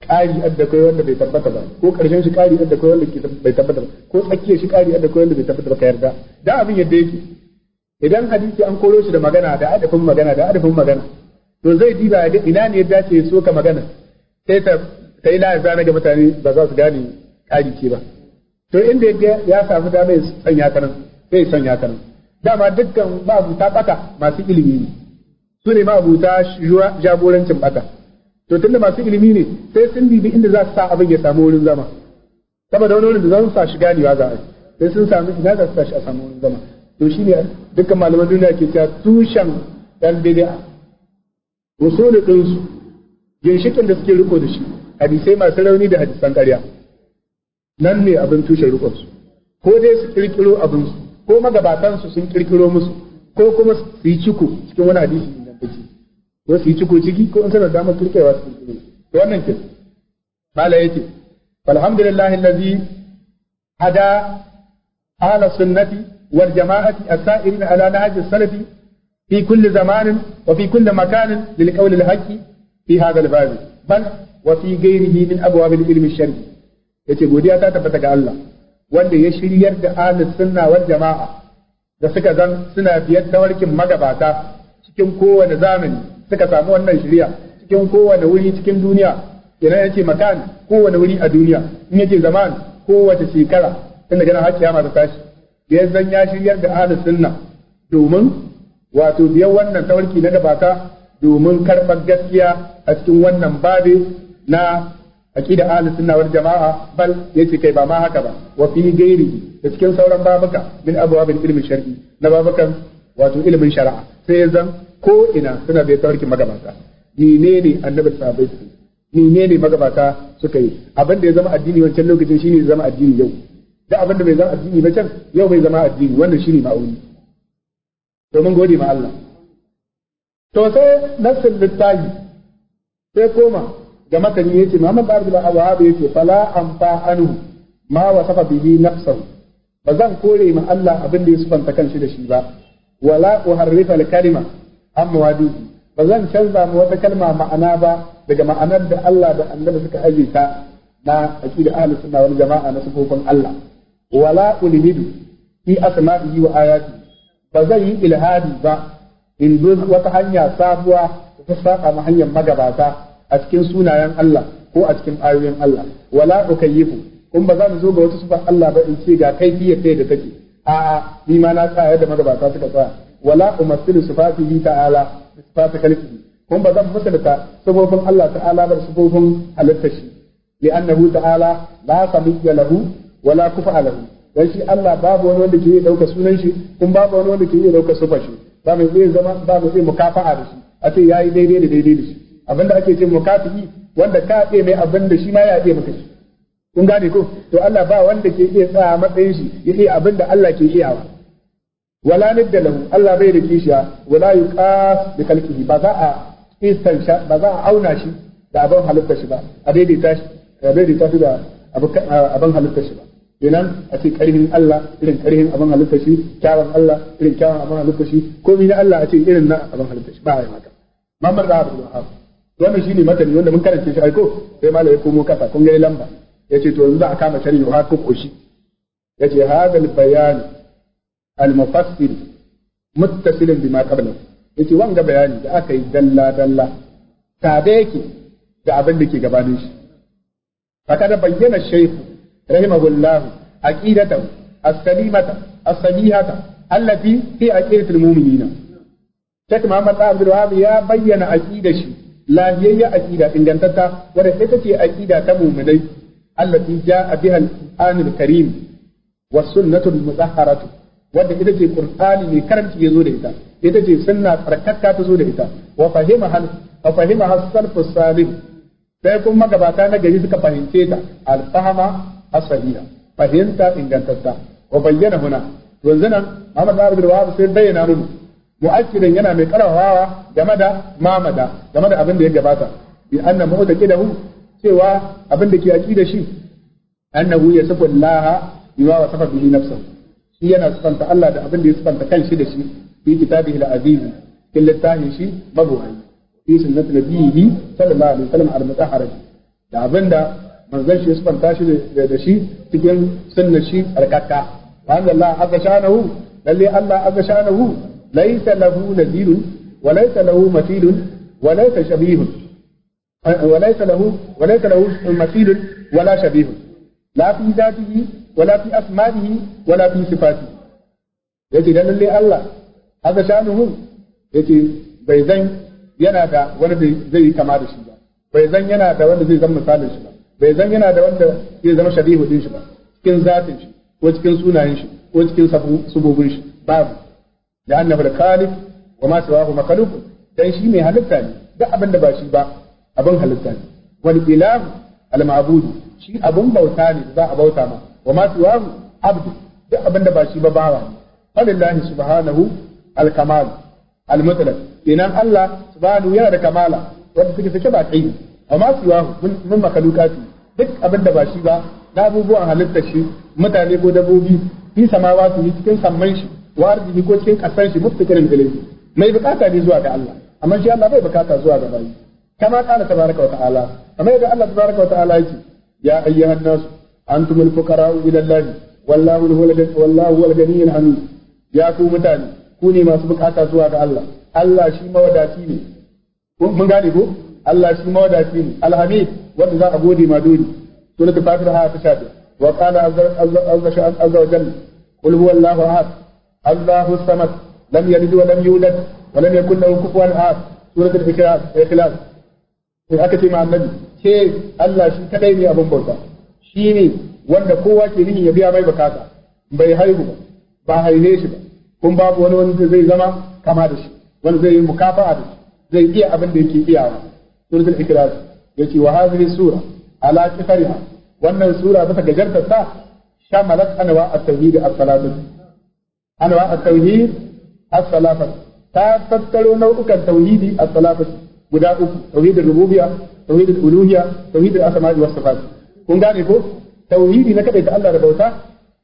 ƙari adda kai wanda bai tabbata ba ko ƙarshen shi ƙari adda kai wanda bai tabbata ba ko tsakiyar shi ƙari adda kai wanda bai tabbata ba ka yarda da abin yadda yake idan hadisi an koro shi da magana da adafin magana da adafin magana to zai diba da ina ne ya dace so ka magana sai ta ta ina zana ga mutane ba za su gane kari ce ba to inda yake ya samu dama ya sanya kanan sai ya sanya kanan dama dukkan babu ta tsaka masu ilimi ne su ne ma'abuta jagorancin ɓata. to tunda masu ilimi ne sai sun bibi inda za su sa abin ya samu wurin zama saboda wani wurin da za su sa shi ganewa za a sai sun sami ina za su sa shi a samu wurin zama to shi ne dukkan malaman duniya ke cewa tushen dan bid'a usulul dinsu ginshikin da suke riko da shi hadisai masu rauni da hadisan ƙarya nan ne abin tushen rikonsu ko dai su kirkiro abinsu ko magabatansu sun kirkiro musu ko kuma su yi ciko cikin wani hadisi take ko su yi ciko ciki ko in suna damar kirkewa su kirkire to wannan ke mala yake alhamdulillah allazi hada ahla sunnati wal jama'ati as-sa'irin ala nahji salafi fi kulli zamanin wa fi kulli makanin lil qawl al haqqi fi hadha al bab bal wa fi ghayrihi min abwab al ilm al-shar'i yace godiya ta tabbata ga Allah wanda ya shiryar da ahlus sunna wal jama'a da suka zan suna biyar tawarkin magabata cikin kowane zamani suka samu wannan shari'a cikin kowane wuri cikin duniya yana yace makan kowane wuri a duniya in yake zaman kowace shekara tun daga har kiyama ta tashi da zan ya shiryar da ahlus sunna domin wato biyan wannan tawarki na gabata domin karɓar gaskiya a cikin wannan babe na aqida ahlus sunna wal jamaa bal yace kai ba ma haka ba wa fi gairi da cikin sauran babuka min abwabil ilmi shar'i na babukan wato ilimin shari'a sai zan ko ina suna bai tawarkin magabata menene annabi sahabbai su menene magabata suka yi abin da ya zama addini wancan lokacin shine zama addini yau da abin da bai zama addini ba can yau bai zama addini wannan shine ma'auni domin gode ma Allah to sai nassin littahi sai koma ga makani yace Muhammad Abdul Wahhab yace fala amfa anhu ma wasafa bihi nafsahu ba zan kore ma Allah abin da ya sufanta kanshi da shi ba wala uharrifa al-kalima an mawadihi ba zan canza mu wata kalma ma'ana ba daga ma'anar da Allah da annabi suka aje ta na aqida ahlus sunna wal jama'a na sufofin Allah wala ulhidu fi asma'ihi wa ayati ba zan yi ilhadi ba in zo wata hanya sabuwa ta saba ma hanyar magabata a cikin sunayen Allah ko a cikin ayoyin Allah wala ukayyifu kun ba zan zo ga wata Allah ba in ce ga kaifiyar ta da take a'a ni ma na tsaya yadda magabata suka tsaya wala umassilu sifatihi ta'ala bi sifati khalqihi kun ba zan misalta sifofin Allah ta'ala ba sifofin halittar shi li'annahu ta'ala la samiyya lahu wala kufa lahu dan shi Allah babu wani wanda ke iya dauka sunan shi kun babu wani wanda ke iya dauka sifar shi ba mai iya zama ba mai iya mukafa'a da shi a ce yayi daidai da daidai da shi abinda ake ce mukafi wanda ka mai abinda shi ma ya iya maka shi kun gane ko to Allah ba wanda ke iya tsaya matsayin shi ya yace abinda Allah ke iyawa wala nidda lahu Allah bai da kishiya wala yuqas bi khalqihi ba za a sha ba za a auna shi da abin halitta shi ba a daidaita shi a daidaita shi da abin halitta shi ba kenan a ce karhin Allah irin karhin abin halitta shi kyawun Allah irin kyawun abin halitta shi komai na Allah a ce irin na abin halitta shi ba yi maka mamar da Abdul Wahab wannan shine matani wanda mun karanta shi aiko sai malai ya komo kasa kun ga lamba Ya ce to yanzu za a kama sharhi har ko koshi yace hadha al bayan al mufassil muttasilin bima Ya ce wanga bayani da aka yi dalla dalla tabe yake da abin da ke gabanin shi fakad bayyana shaykh rahimahullah aqidatahu as-salimata as-sahihata allati fi aqidatil mu'minina Sheikh Muhammad Abdul Wahab ya bayyana aqidar shi lahiyayya aqida ingantatta wadda ita ce aqida ta mu'minai allati jaa a al-Qur'an al-Karim wa sunnatu wanda ita ce Qur'ani mai karanci ya zo da ita ita ce sunna tsarkakka ta zo da ita wa fahima hal wa fahima sai kuma magabata na gari suka fahimce ta al-fahama sahiha fahimta ingantatta wa bayyana huna yanzu nan Muhammad Abdul Wahab sai bayyana mu mu'akkidan yana mai karawawa game da mamada game da abin da ya gabata bi anna mu'taqidahu cewa abin da ke aki da shi annahu ya safa Allah bima wa safa bihi nafsuhu shi yana sifanta Allah da abin da ya sifanta kanshi da shi fi kitabihi al-aziz kin littafin shi mabuwai fi sunnati nabiyhi sallallahu alaihi wasallam al-mutahhar da abin da manzon shi ya sifanta shi da shi cikin sunnar shi alkakka wa anna Allah azza shanahu lalle Allah azza shanahu laysa lahu nazirun wa laysa lahu matilun wa laysa shabihun وليس له وليس له مثيل ولا شبيه لا في ذاته ولا في أسمائه ولا في صفاته yace dan lalle Allah haka shanuhu yace bai zan yana da wanda zai yi kama da shi ba bai zan yana da wanda zai zama misalin shi ba bai zan yana da wanda zai zama shabihu din shi ba cikin zatin shi ko cikin sunayen shi ko cikin sabobin shi babu da annabi al wa ma siwahu makhluq dan shi mai halitta ne duk abin da ba shi ba abin halitta ne wani ilah al shi abin bauta ne za a bauta ma wa ma siwahu abdu duk abin da ba shi ba bawa ne falillahi subhanahu al kamal al mutlaq kenan Allah subhanahu yana da kamala wanda suke sake ba kai wa ma siwahu mun makalukati duk abin da ba shi ba na abubuwan halitta shi mutane ko dabbobi fi yi cikin samman shi wa arziki ko cikin kasan shi muftikirin ilayhi mai bukata ne zuwa ga Allah amma shi Allah bai bukata zuwa ga bayi كما قال تبارك وتعالى أما إذا الله تبارك وتعالى يا أيها الناس أنتم الفقراء إلى الله والله هو والله هو الغني الحميد يا كومتان كوني ما سبق حتى سواك الله الله شي وداتيني من قال يقول الله شي وداتيني الحميد وأنت أبودي ما دوني سورة الفاتحة تشابه وقال عز وجل قل هو الله أحد الله الصمد لم يلد ولم يولد ولم يكن له كفوا أحد سورة الإخلاص sai aka ce ma annabi ke Allah shi kadai ne abin bauta shi ne wanda kowa ke nihin ya biya mai bukata bai haihu ba ba haine shi ba kun babu wani wanda zai zama kama da shi wanda zai yi mukafa'a da shi zai iya abin da yake iya ba suratul ikhlas yace wa hadhihi sura ala kifariha wannan sura bisa gajarta ta shamalat anwa at-tauhid as-salatu anwa at-tauhid as-salatu ta tattaro nau'ukan tauhidi as-salatu guda uku tauhidul rububiya, tauhidul uluhiyya tauhidul asma'i was sifat kun gane ko tauhidi na kadai da Allah da bauta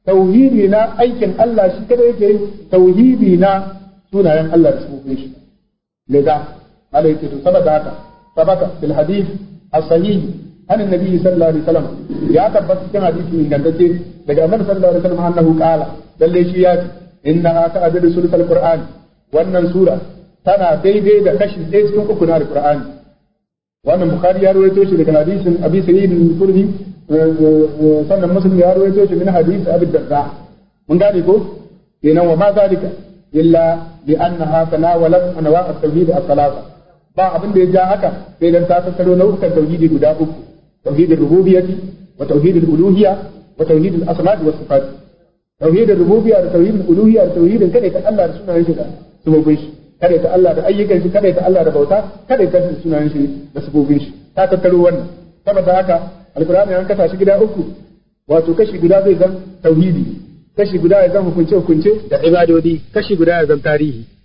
tauhidi na aikin Allah shi kada yake tauhidi na sunayen Allah da sifofin shi leza Allah yake to saboda haka sabata fil hadith as-sahih an annabi sallallahu alaihi wasallam ya tabbata cikin hadisi ingantacce daga annabi sallallahu alaihi wasallam annahu qala lalle shi ya ce inna aka ajadu sulfal qur'an wannan sura tana daidai da kashi ɗaya cikin uku na alqur'ani wannan bukhari ya rawaito shi daga hadisin abi sa'id al-khudri sannan muslim ya rawaito shi min hadisi abi darda mun gane ko kenan wa ma zalika illa bi annaha tanawalat anwa' at-tauhid as-salasa ba abin da ya ja haka sai dan ta tattaro nau'ukan tauhidi guda uku tauhidin rububiyyati wa tauhidin uluhiyya wa tauhidin asma' wa sifat tauhidin rububiyya da tauhidin uluhiyya da tauhidin kada ka Allah da sunayen shi da sabobin shi kada ta Allah da ayyukan shi kada ta Allah da bauta kada ta sunan shi da sabobin shi ta tattaro wannan saboda haka alqur'ani an kasa shi gida uku wato kashi guda zai zan tauhidi kashi guda ya zan hukunce hukunce da ibadodi kashi guda ya zan tarihi